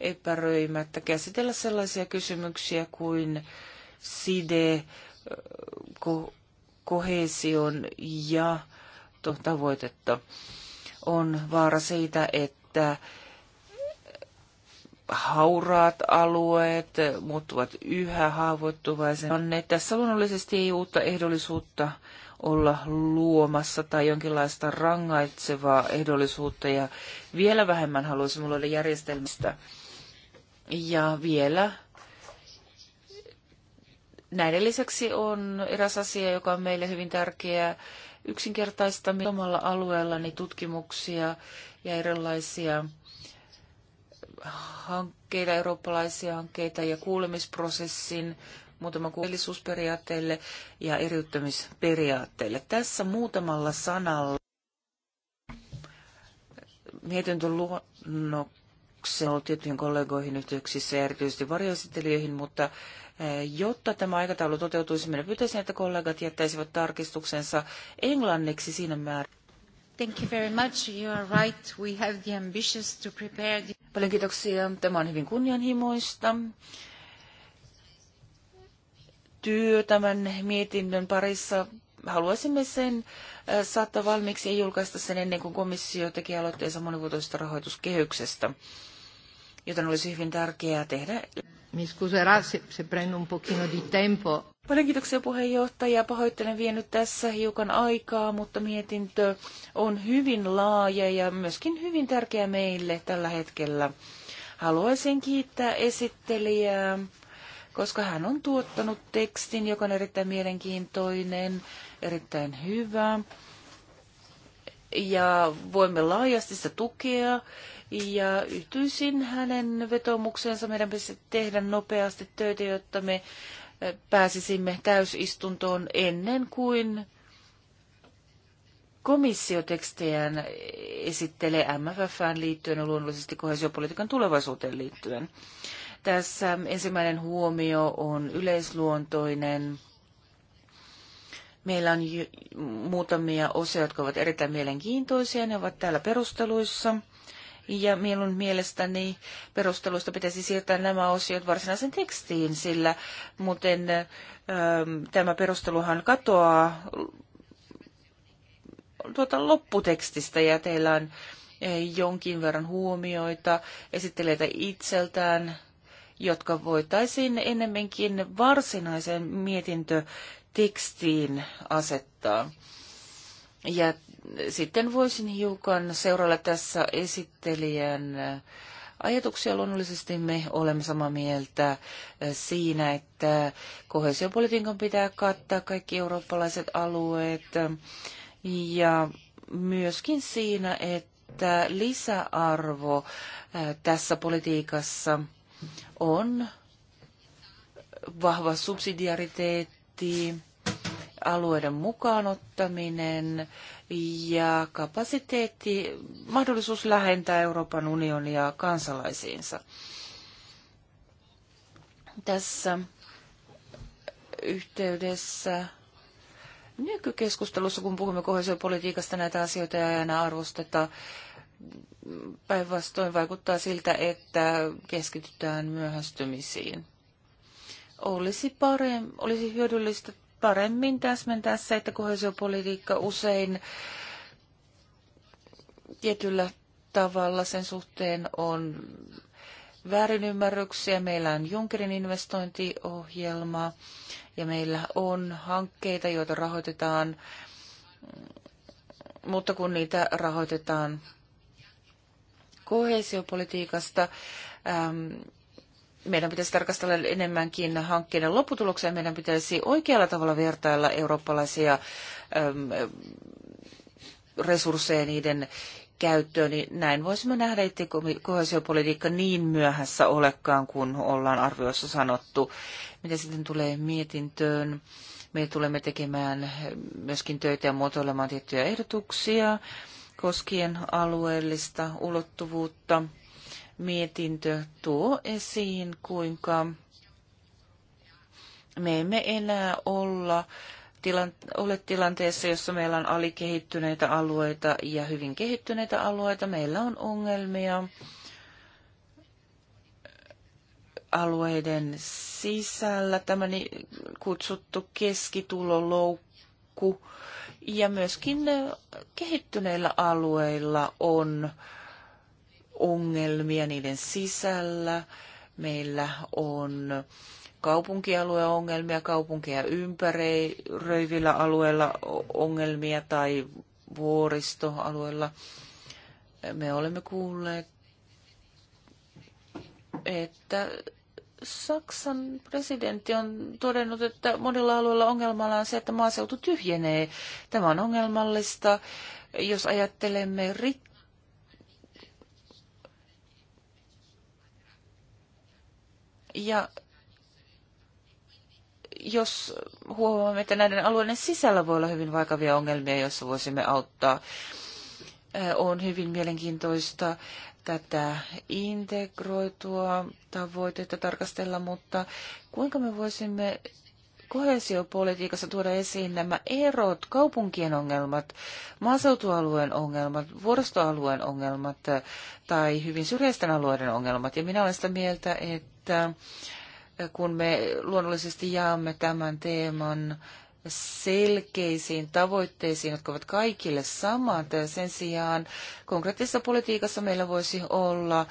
epäröimättä käsitellä sellaisia kysymyksiä kuin side, ko- kohesion ja to- tavoitetta. On vaara siitä, että hauraat alueet muuttuvat yhä haavoittuvaisemmin. Tässä luonnollisesti ei uutta ehdollisuutta olla luomassa tai jonkinlaista rangaitsevaa ehdollisuutta ja vielä vähemmän mulla olla järjestelmistä. Ja vielä näiden lisäksi on eräs asia, joka on meille hyvin tärkeä Yksinkertaista omalla alueellani niin tutkimuksia ja erilaisia hankkeita, eurooppalaisia hankkeita ja kuulemisprosessin muutama kuulellisuusperiaatteelle ja eriyttämisperiaatteille. Tässä muutamalla sanalla mietintöluonnoksen ollut tiettyihin kollegoihin yhteyksissä ja erityisesti varjoesittelijöihin, mutta eh, jotta tämä aikataulu toteutuisi, minä pyytäisin, että kollegat jättäisivät tarkistuksensa englanniksi siinä määrin. Thank you very much. You are right. We have the ambitions to prepare the... Paljon kiitoksia. Tämä on hyvin kunnianhimoista työ tämän mietinnön parissa. Haluaisimme sen äh, saattaa valmiiksi ja julkaista sen ennen kuin komissio teki aloitteensa monivuotoisesta rahoituskehyksestä, joten olisi hyvin tärkeää tehdä. Mi scuserà se, se prendo un pochino di tempo. Paljon kiitoksia puheenjohtaja. Pahoittelen vienyt tässä hiukan aikaa, mutta mietintö on hyvin laaja ja myöskin hyvin tärkeä meille tällä hetkellä. Haluaisin kiittää esittelijää koska hän on tuottanut tekstin, joka on erittäin mielenkiintoinen, erittäin hyvä. Ja voimme laajasti sitä tukea. Ja yhtyisin hänen vetomuksensa. Meidän pitäisi tehdä nopeasti töitä, jotta me eh, pääsisimme täysistuntoon ennen kuin komissiotekstejään esittelee MFFään liittyen ja luonnollisesti kohesiopolitiikan tulevaisuuteen liittyen. Tässä ensimmäinen huomio on yleisluontoinen. Meillä on muutamia osia, jotka ovat erittäin mielenkiintoisia. Ne ovat täällä perusteluissa. Ja minun mielestäni perusteluista pitäisi siirtää nämä osiot varsinaisen tekstiin, sillä muuten äm, tämä perusteluhan katoaa tuota lopputekstistä ja teillä on äh, jonkin verran huomioita, esitteleitä itseltään jotka voitaisiin ennemminkin varsinaiseen mietintötekstiin asettaa. Ja sitten voisin hiukan seuralla tässä esittelijän ajatuksia. Luonnollisesti me olemme samaa mieltä äh, siinä, että kohesiopolitiikan pitää kattaa kaikki eurooppalaiset alueet äh, ja myöskin siinä, että lisäarvo äh, tässä politiikassa – on vahva subsidiariteetti, alueiden mukaanottaminen ja kapasiteetti, mahdollisuus lähentää Euroopan unionia kansalaisiinsa. Tässä yhteydessä nykykeskustelussa, kun puhumme kohesiopolitiikasta, näitä asioita ja aina arvosteta päinvastoin vaikuttaa siltä, että keskitytään myöhästymisiin. Olisi, parem, olisi hyödyllistä paremmin täsmentää se, että kohesiopolitiikka usein tietyllä tavalla sen suhteen on väärinymmärryksiä. Meillä on Junckerin investointiohjelma ja meillä on hankkeita, joita rahoitetaan, mutta kun niitä rahoitetaan Ähm, Meidän pitäisi tarkastella enemmänkin hankkeiden lopputuloksia. Meidän pitäisi oikealla tavalla vertailla eurooppalaisia ähm, resursseja niiden käyttöön, niin näin voisimme nähdä, ettei koheesiopolitiikka niin myöhässä olekaan, kun ollaan arvioissa sanottu. Mitä sitten tulee mietintöön? Me tulemme tekemään myöskin töitä ja muotoilemaan tiettyjä ehdotuksia koskien alueellista ulottuvuutta. Mietintö tuo esiin, kuinka me emme enää olla ole tilanteessa, jossa meillä on alikehittyneitä alueita ja hyvin kehittyneitä alueita. Meillä on ongelmia alueiden sisällä, tämä niin kutsuttu keskituloloukku ja myöskin kehittyneillä alueilla on ongelmia niiden sisällä. Meillä on kaupunkialueen ongelmia, kaupunkia ympäröivillä alueilla ongelmia tai vuoristoalueilla. Me olemme kuulleet, että Saksan presidentti on todennut, että monilla alueilla ongelmalla on se, että maaseutu tyhjenee. Tämä on ongelmallista, jos ajattelemme rik- Ja jos huomaamme, että näiden alueiden sisällä voi olla hyvin vaikavia ongelmia, joissa voisimme auttaa, eh, on hyvin mielenkiintoista tätä integroitua tavoitetta tarkastella, mutta kuinka me voisimme kohesiopolitiikassa tuoda esiin nämä erot, kaupunkien ongelmat, maaseutualueen ongelmat, vuoristoalueen ongelmat tai hyvin syrjäisten alueiden ongelmat. Ja minä olen sitä mieltä, että kun me luonnollisesti jaamme tämän teeman selkeisiin tavoitteisiin, jotka ovat kaikille samat. Sen sijaan konkreettisessa politiikassa meillä voisi olla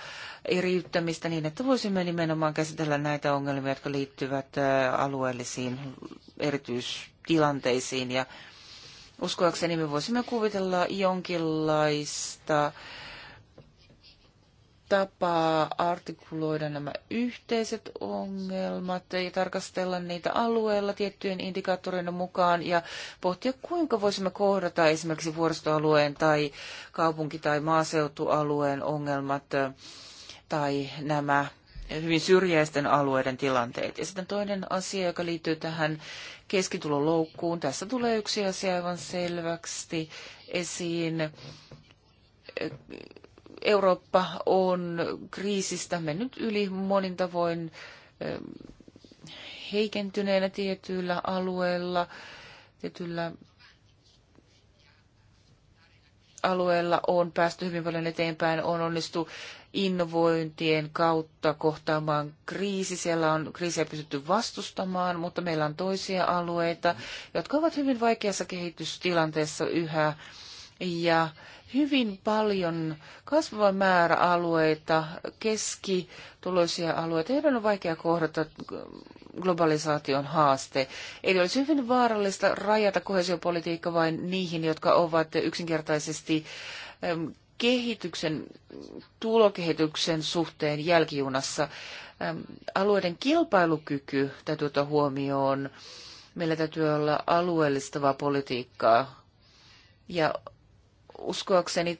eriyttämistä niin, että voisimme nimenomaan käsitellä näitä ongelmia, jotka liittyvät alueellisiin erityistilanteisiin. Ja uskoakseni me voisimme kuvitella jonkinlaista tapaa artikuloida nämä yhteiset ongelmat ja tarkastella niitä alueella tiettyjen indikaattoreiden mukaan ja pohtia, kuinka voisimme kohdata esimerkiksi vuoristoalueen tai kaupunki- tai maaseutualueen ongelmat tai nämä hyvin syrjäisten alueiden tilanteet. Ja sitten toinen asia, joka liittyy tähän keskituloloukkuun. Tässä tulee yksi asia aivan selvästi esiin Eurooppa on kriisistä mennyt yli monin tavoin heikentyneenä tietyillä alueilla, tietyillä alueella on päästy hyvin paljon eteenpäin, on onnistu innovointien kautta kohtaamaan kriisi. Siellä on kriisiä pystytty vastustamaan, mutta meillä on toisia alueita, jotka ovat hyvin vaikeassa kehitystilanteessa yhä ja hyvin paljon kasvava määrä alueita, keskituloisia alueita, joiden on vaikea kohdata globalisaation haaste. Eli olisi hyvin vaarallista rajata kohesiopolitiikka vain niihin, jotka ovat yksinkertaisesti kehityksen, tulokehityksen suhteen jälkijunassa. Alueiden kilpailukyky täytyy ottaa huomioon. Meillä täytyy olla alueellistavaa politiikkaa ja uskoakseni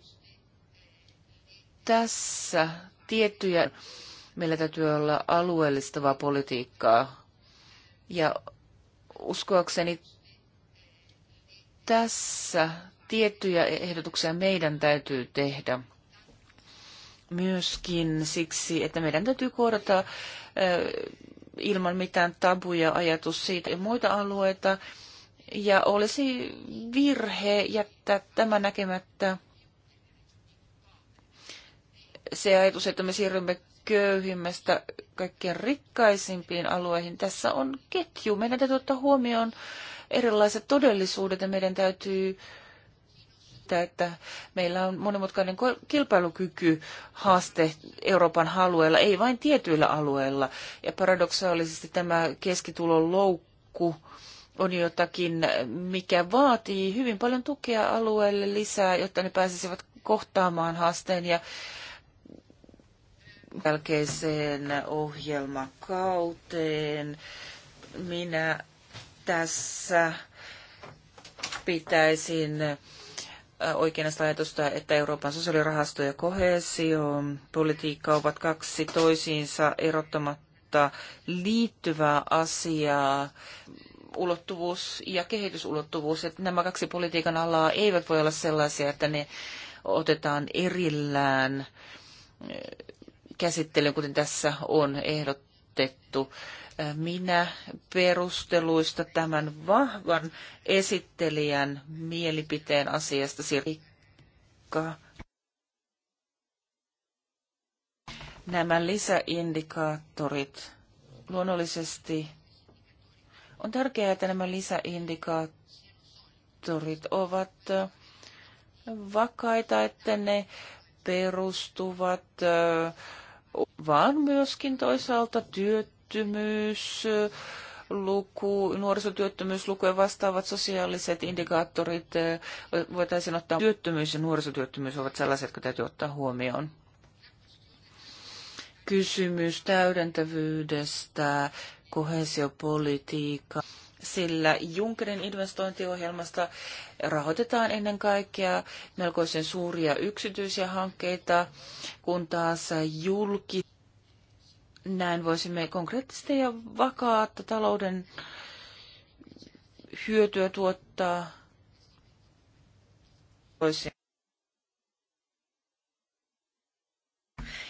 tässä tiettyjä, meillä täytyy olla alueellistavaa politiikkaa. Ja uskoakseni tässä tiettyjä ehdotuksia meidän täytyy tehdä. Myöskin siksi, että meidän täytyy kohdata ilman mitään tabuja ajatus siitä ja muita alueita, ja olisi virhe jättää tämä näkemättä se ajatus, että me siirrymme köyhimmästä kaikkien rikkaisimpiin alueihin. Tässä on ketju. Meidän täytyy ottaa huomioon erilaiset todellisuudet ja meidän täytyy että meillä on monimutkainen kilpailukyky haaste Euroopan alueella, ei vain tietyillä alueilla. Ja paradoksaalisesti tämä keskitulon loukku on jotakin, mikä vaatii hyvin paljon tukea alueelle lisää, jotta ne pääsisivät kohtaamaan haasteen ja jälkeiseen ohjelmakauteen. Minä tässä pitäisin oikeana ajatusta, että Euroopan sosiaalirahasto ja kohesio politiikka ovat kaksi toisiinsa erottamatta liittyvää asiaa ulottuvuus ja kehitysulottuvuus, että nämä kaksi politiikan alaa eivät voi olla sellaisia, että ne otetaan erillään eh, käsittelyyn, kuten tässä on ehdotettu. Eh, minä perusteluista tämän vahvan esittelijän mielipiteen asiasta Sirikka. Nämä lisäindikaattorit luonnollisesti on tärkeää, että nämä lisäindikaattorit ovat vakaita, että ne perustuvat, vaan myöskin toisaalta työttömyys, luku, nuorisotyöttömyysluku ja vastaavat sosiaaliset indikaattorit voitaisiin ottaa. Työttömyys ja nuorisotyöttömyys ovat sellaiset, jotka täytyy ottaa huomioon. Kysymys täydentävyydestä kohesiopolitiikka, sillä Junckerin investointiohjelmasta rahoitetaan ennen kaikkea melkoisen suuria yksityisiä hankkeita, kun taas julki. Näin voisimme konkreettisesti ja vakaata talouden hyötyä tuottaa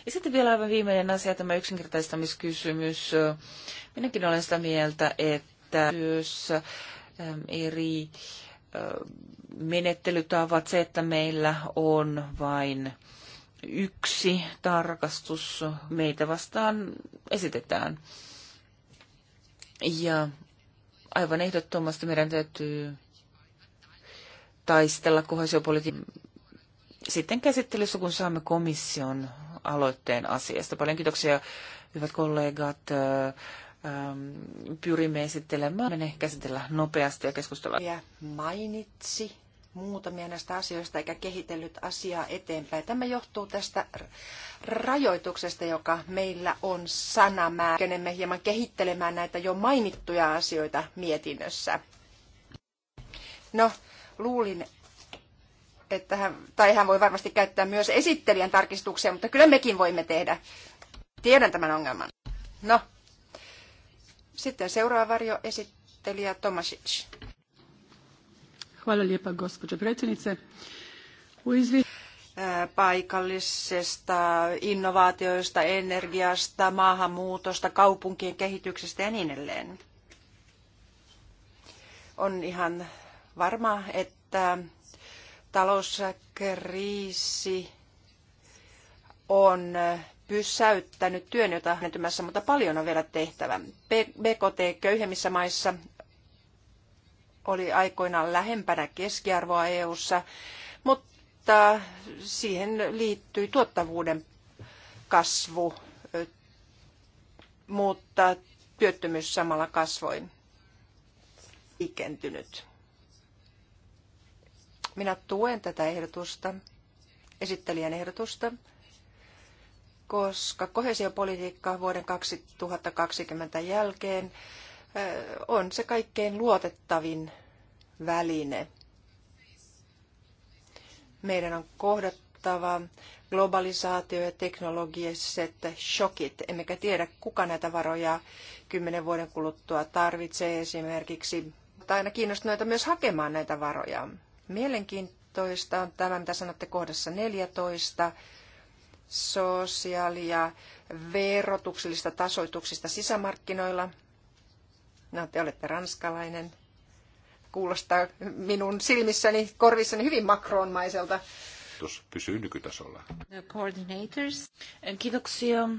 Ja sitten vielä aivan viimeinen asia, tämä yksinkertaistamiskysymys. Minäkin olen sitä mieltä, että myös ähm, eri ähm, menettelytavat, se, että meillä on vain yksi tarkastus meitä vastaan esitetään. Ja aivan ehdottomasti meidän täytyy taistella kohesiopolitiikan sitten käsittelyssä, kun saamme komission aloitteen asiasta. Paljon kiitoksia, hyvät kollegat. Äh, Ähm, pyrimme esittelemään. Mene käsitellä nopeasti ja keskustella. Ja mainitsi muutamia näistä asioista eikä kehitellyt asiaa eteenpäin. Tämä johtuu tästä rajoituksesta, joka meillä on sanamäärä. Kenemme hieman kehittelemään näitä jo mainittuja asioita mietinnössä. No, luulin, että hän, tai hän voi varmasti käyttää myös esittelijän tarkistuksia, mutta kyllä mekin voimme tehdä. Tiedän tämän ongelman. No, sitten seuraava varjoesittelijä Tomasic. Hvala lijepa, gospođo predsjednice. izvi paikallisesta innovaatioista, energiasta, maahanmuutosta, kaupunkien kehityksestä ja niin edelleen. On ihan varma, että talouskriisi on pysäyttänyt työn, jota on mutta paljon on vielä tehtävä. BKT köyhemmissä maissa oli aikoinaan lähempänä keskiarvoa EU:ssa, mutta siihen liittyi tuottavuuden kasvu, mutta työttömyys samalla kasvoi ikentynyt. Minä tuen tätä ehdotusta, esittelijän ehdotusta koska kohesiopolitiikka vuoden 2020 jälkeen on se kaikkein luotettavin väline. Meidän on kohdattava globalisaatio ja teknologiset shokit. Emmekä tiedä, kuka näitä varoja kymmenen vuoden kuluttua tarvitsee esimerkiksi. Tai aina kiinnostuneita myös hakemaan näitä varoja. Mielenkiintoista on tämä, mitä sanotte kohdassa 14 sosiaali- ja verotuksellista tasoituksista sisämarkkinoilla. No, te olette ranskalainen. Kuulostaa minun silmissäni, korvissani hyvin makroonmaiselta. Tuossa pysyy nykytasolla. The coordinators. Kiitoksia.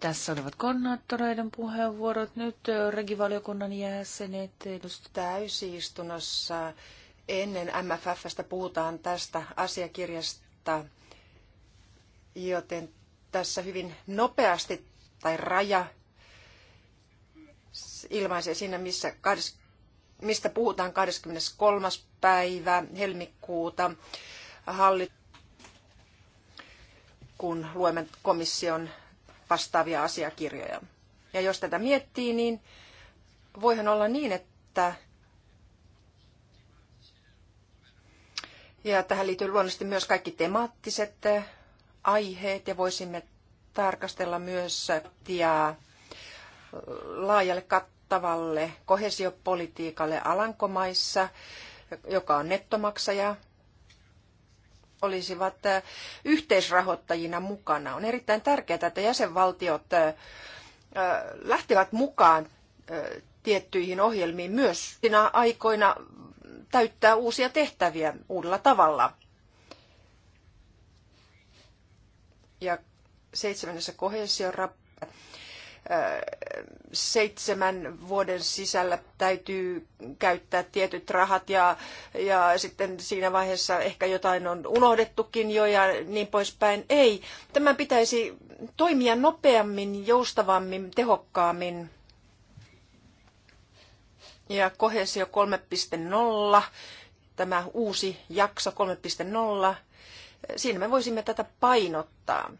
Tässä olivat koordinaattoreiden puheenvuorot. Nyt regivaliokunnan jäsenet edustajat täysistunnossa. Ennen MFFstä puhutaan tästä asiakirjasta Joten tässä hyvin nopeasti tai raja ilmaisee siinä, missä mistä puhutaan 23. päivä helmikuuta hallit, kun luemme komission vastaavia asiakirjoja. Ja jos tätä miettii, niin voihan olla niin, että ja tähän liittyy luonnollisesti myös kaikki temaattiset aiheet ja voisimme tarkastella myös ja laajalle kattavalle kohesiopolitiikalle Alankomaissa, joka on nettomaksaja, olisivat yhteisrahoittajina mukana. On erittäin tärkeää, että jäsenvaltiot lähtevät mukaan tiettyihin ohjelmiin myös sinä aikoina täyttää uusia tehtäviä uudella tavalla – ja seitsemännessä kohesioraportissa äh, seitsemän vuoden sisällä täytyy käyttää tietyt rahat ja, ja sitten siinä vaiheessa ehkä jotain on unohdettukin jo ja niin poispäin. Ei, tämän pitäisi toimia nopeammin, joustavammin, tehokkaammin. Ja kohesio 3.0, tämä uusi jakso nolla Siinä me voisimme tätä painottaa.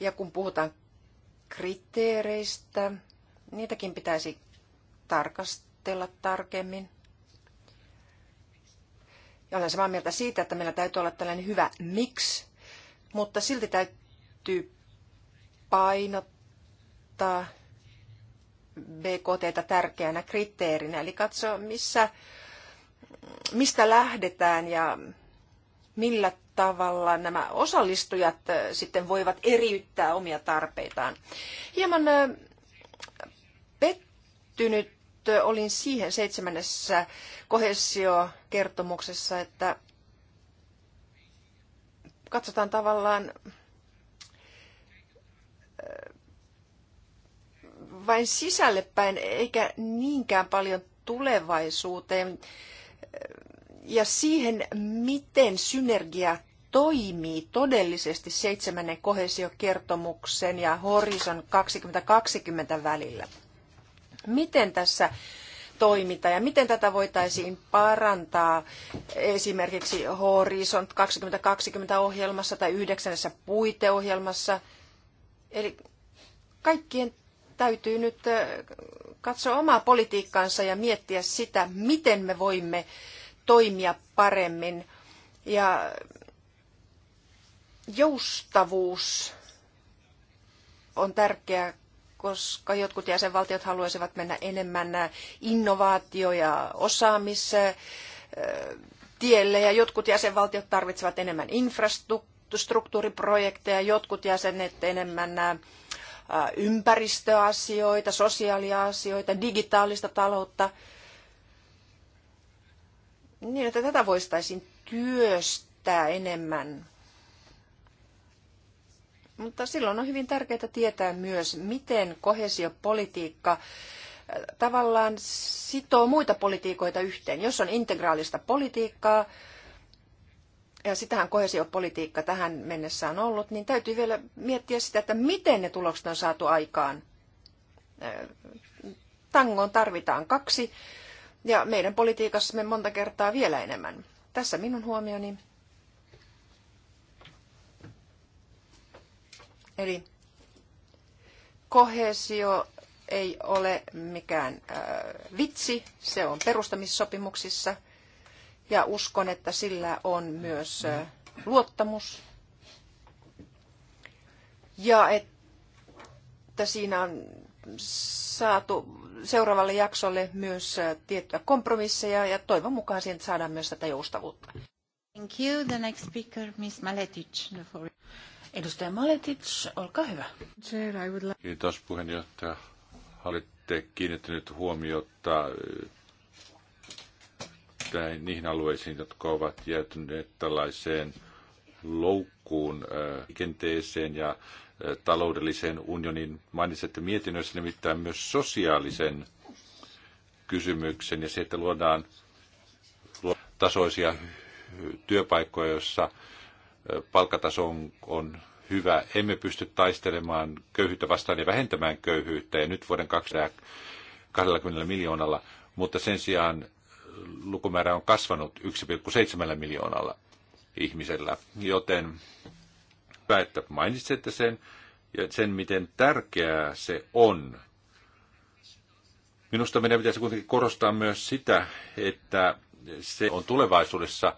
Ja kun puhutaan kriteereistä, niitäkin pitäisi tarkastella tarkemmin. Ja olen samaa mieltä siitä, että meillä täytyy olla tällainen hyvä mix, mutta silti täytyy painottaa BKT tärkeänä kriteerinä, eli katsoa missä, mistä lähdetään ja millä tavalla nämä osallistujat sitten voivat eriyttää omia tarpeitaan. Hieman pettynyt olin siihen seitsemännessä kohessiokertomuksessa, että katsotaan tavallaan vain sisälle päin, eikä niinkään paljon tulevaisuuteen ja siihen, miten synergia toimii todellisesti seitsemännen kohesiokertomuksen ja Horizon 2020 välillä. Miten tässä toimita ja miten tätä voitaisiin parantaa esimerkiksi Horizon 2020 ohjelmassa tai yhdeksännessä puiteohjelmassa. Eli kaikkien täytyy nyt katsoa omaa politiikkaansa ja miettiä sitä, miten me voimme toimia paremmin. Ja joustavuus on tärkeää, koska jotkut jäsenvaltiot haluaisivat mennä enemmän innovaatio- ja osaamistielle, ja jotkut jäsenvaltiot tarvitsevat enemmän infrastruktuuriprojekteja, jotkut jäsenet enemmän ympäristöasioita, sosiaaliasioita, digitaalista taloutta, niin että tätä voistaisin työstää enemmän. Mutta silloin on hyvin tärkeää tietää myös, miten kohesiopolitiikka tavallaan sitoo muita politiikoita yhteen. Jos on integraalista politiikkaa, ja sitähän kohesiopolitiikka tähän mennessä on ollut, niin täytyy vielä miettiä sitä, että miten ne tulokset on saatu aikaan. Tangoon tarvitaan kaksi ja meidän politiikassamme monta kertaa vielä enemmän. Tässä minun huomioni. Eli kohesio ei ole mikään äh, vitsi, se on perustamissopimuksissa – ja uskon, että sillä on myös luottamus ja että siinä on saatu seuraavalle jaksolle myös tiettyä kompromisseja ja toivon mukaan siihen saadaan myös tätä joustavuutta. Thank you. The next speaker, Ms. Maletic. Edustaja Maletic, olkaa hyvä. Chair, I would like... Kiitos puheenjohtaja. Olitte kiinnittänyt huomiota näihin, niihin alueisiin, jotka ovat jäätyneet tällaiseen loukkuun liikenteeseen äh, ja äh, taloudelliseen unionin. Mainitsette mietinnössä nimittäin myös sosiaalisen kysymyksen ja se, että luodaan tasoisia työpaikkoja, joissa äh, palkkataso on hyvä. Emme pysty taistelemaan köyhyyttä vastaan ja vähentämään köyhyyttä ja nyt vuoden 2020 miljoonalla, mutta sen sijaan lukumäärä on kasvanut 1,7 miljoonalla ihmisellä, joten hyvä, että mainitsette sen ja sen, miten tärkeää se on. Minusta meidän pitäisi kuitenkin korostaa myös sitä, että se on tulevaisuudessa,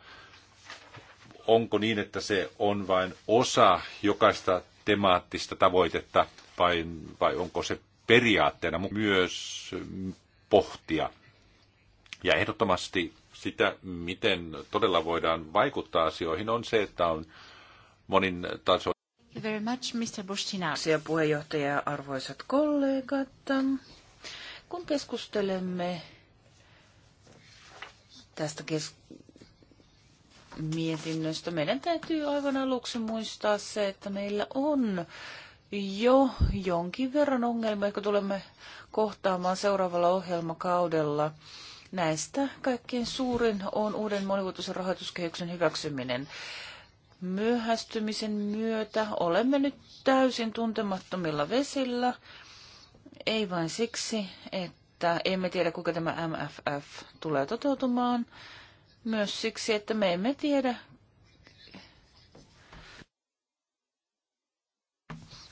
onko niin, että se on vain osa jokaista temaattista tavoitetta vai, vai onko se periaatteena myös pohtia ja ehdottomasti sitä, miten todella voidaan vaikuttaa asioihin, on se, että on monin taso. Very much, Mr. Kiitoksia puheenjohtaja arvoisat kollegat. Kun keskustelemme tästä kes- mietinnöstä, meidän täytyy aivan aluksi muistaa se, että meillä on jo jonkin verran ongelmia, jotka tulemme kohtaamaan seuraavalla ohjelmakaudella. Näistä kaikkein suurin on uuden monivuotisen rahoituskehyksen hyväksyminen. Myöhästymisen myötä olemme nyt täysin tuntemattomilla vesillä, ei vain siksi, että emme tiedä, kuinka tämä MFF tulee toteutumaan, myös siksi, että me emme tiedä,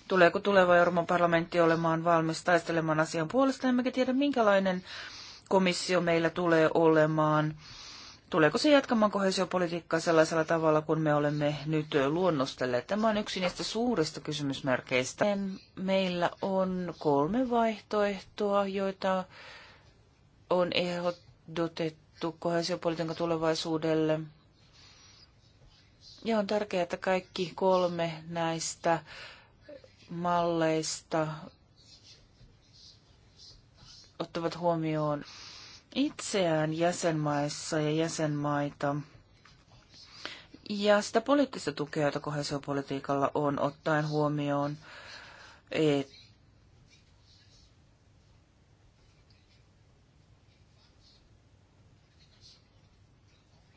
tuleeko tuleva Euroopan parlamentti olemaan valmis taistelemaan asian puolesta, emmekä tiedä minkälainen komissio meillä tulee olemaan? Tuleeko se jatkamaan kohesiopolitiikkaa sellaisella tavalla, kun me olemme nyt luonnostelleet? Tämä on yksi niistä suurista kysymysmerkeistä. Meillä on kolme vaihtoehtoa, joita on ehdotettu kohesiopolitiikan tulevaisuudelle. Ja on tärkeää, että kaikki kolme näistä malleista ottavat huomioon itseään jäsenmaissa ja jäsenmaita ja sitä poliittista tukea, jota kohesiopolitiikalla on, ottaen huomioon, että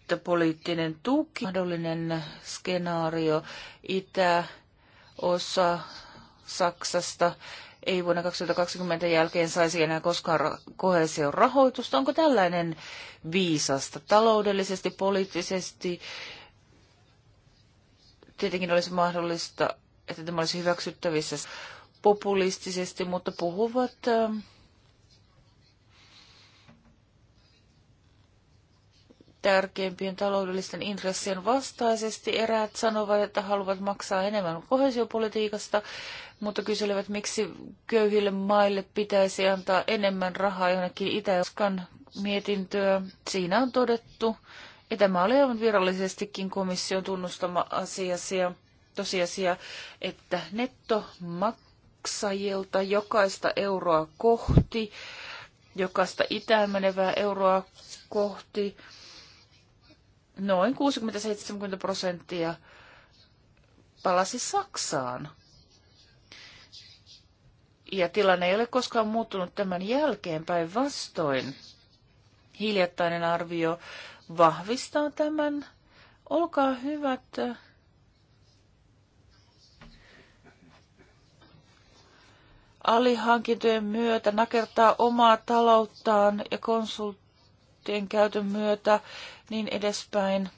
että poliittinen tuki, mahdollinen skenaario itäosa Saksasta ei vuonna 2020 jälkeen saisi enää koskaan kohesion rahoitusta. Onko tällainen viisasta taloudellisesti, poliittisesti? Tietenkin olisi mahdollista, että tämä olisi hyväksyttävissä populistisesti, mutta puhuvat ähm, tärkeimpien taloudellisten intressien vastaisesti. Eräät sanovat, että haluavat maksaa enemmän kohesiopolitiikasta, mutta kyselevät, miksi köyhille maille pitäisi antaa enemmän rahaa jonnekin Itä-Oskan mietintöä. Siinä on todettu, ja tämä oli aivan virallisestikin komission tunnustama asiasia, tosiasia, että nettomaksajilta jokaista euroa kohti, jokaista itään menevää euroa kohti noin 60-70 prosenttia palasi Saksaan. Ja tilanne ei ole koskaan muuttunut tämän jälkeen päinvastoin. Hiljattainen arvio vahvistaa tämän. Olkaa hyvät. Alihankintojen myötä nakertaa omaa talouttaan ja konsulttien käytön myötä niin edespäin.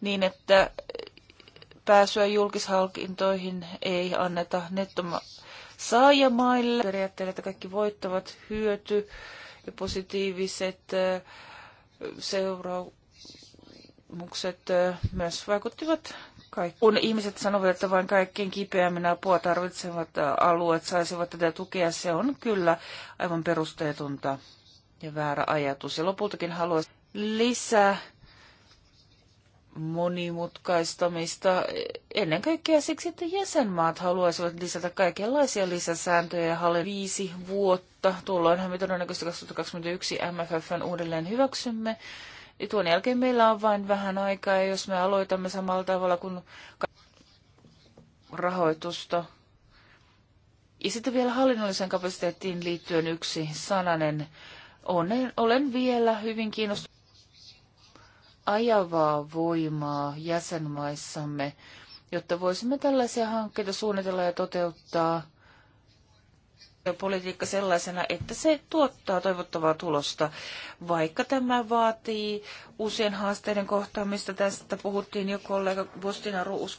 Niin, että pääsyä julkishalkintoihin ei anneta nettoma saajamaille. Periaatteella, että kaikki voittavat hyöty ja positiiviset seuraukset myös vaikuttivat kaikki. Kun ihmiset sanovat, että vain kaikkein kipeämmin apua tarvitsevat alueet saisivat tätä tukea, se on kyllä aivan perusteetonta ja väärä ajatus. Ja lopultakin haluaisin lisää monimutkaistamista ennen kaikkea siksi, että jäsenmaat haluaisivat lisätä kaikenlaisia lisäsääntöjä ja halle viisi vuotta. Tuolloinhan me todennäköisesti 2021 MFFn uudelleen hyväksymme. Ja tuon jälkeen meillä on vain vähän aikaa, ja jos me aloitamme samalla tavalla kuin rahoitusta. Ja sitten vielä hallinnolliseen kapasiteettiin liittyen yksi sananen. Olen, olen vielä hyvin kiinnostunut ajavaa voimaa jäsenmaissamme, jotta voisimme tällaisia hankkeita suunnitella ja toteuttaa politiikka sellaisena, että se tuottaa toivottavaa tulosta, vaikka tämä vaatii uusien haasteiden kohtaamista. Tästä puhuttiin jo kollega Bostinaru usko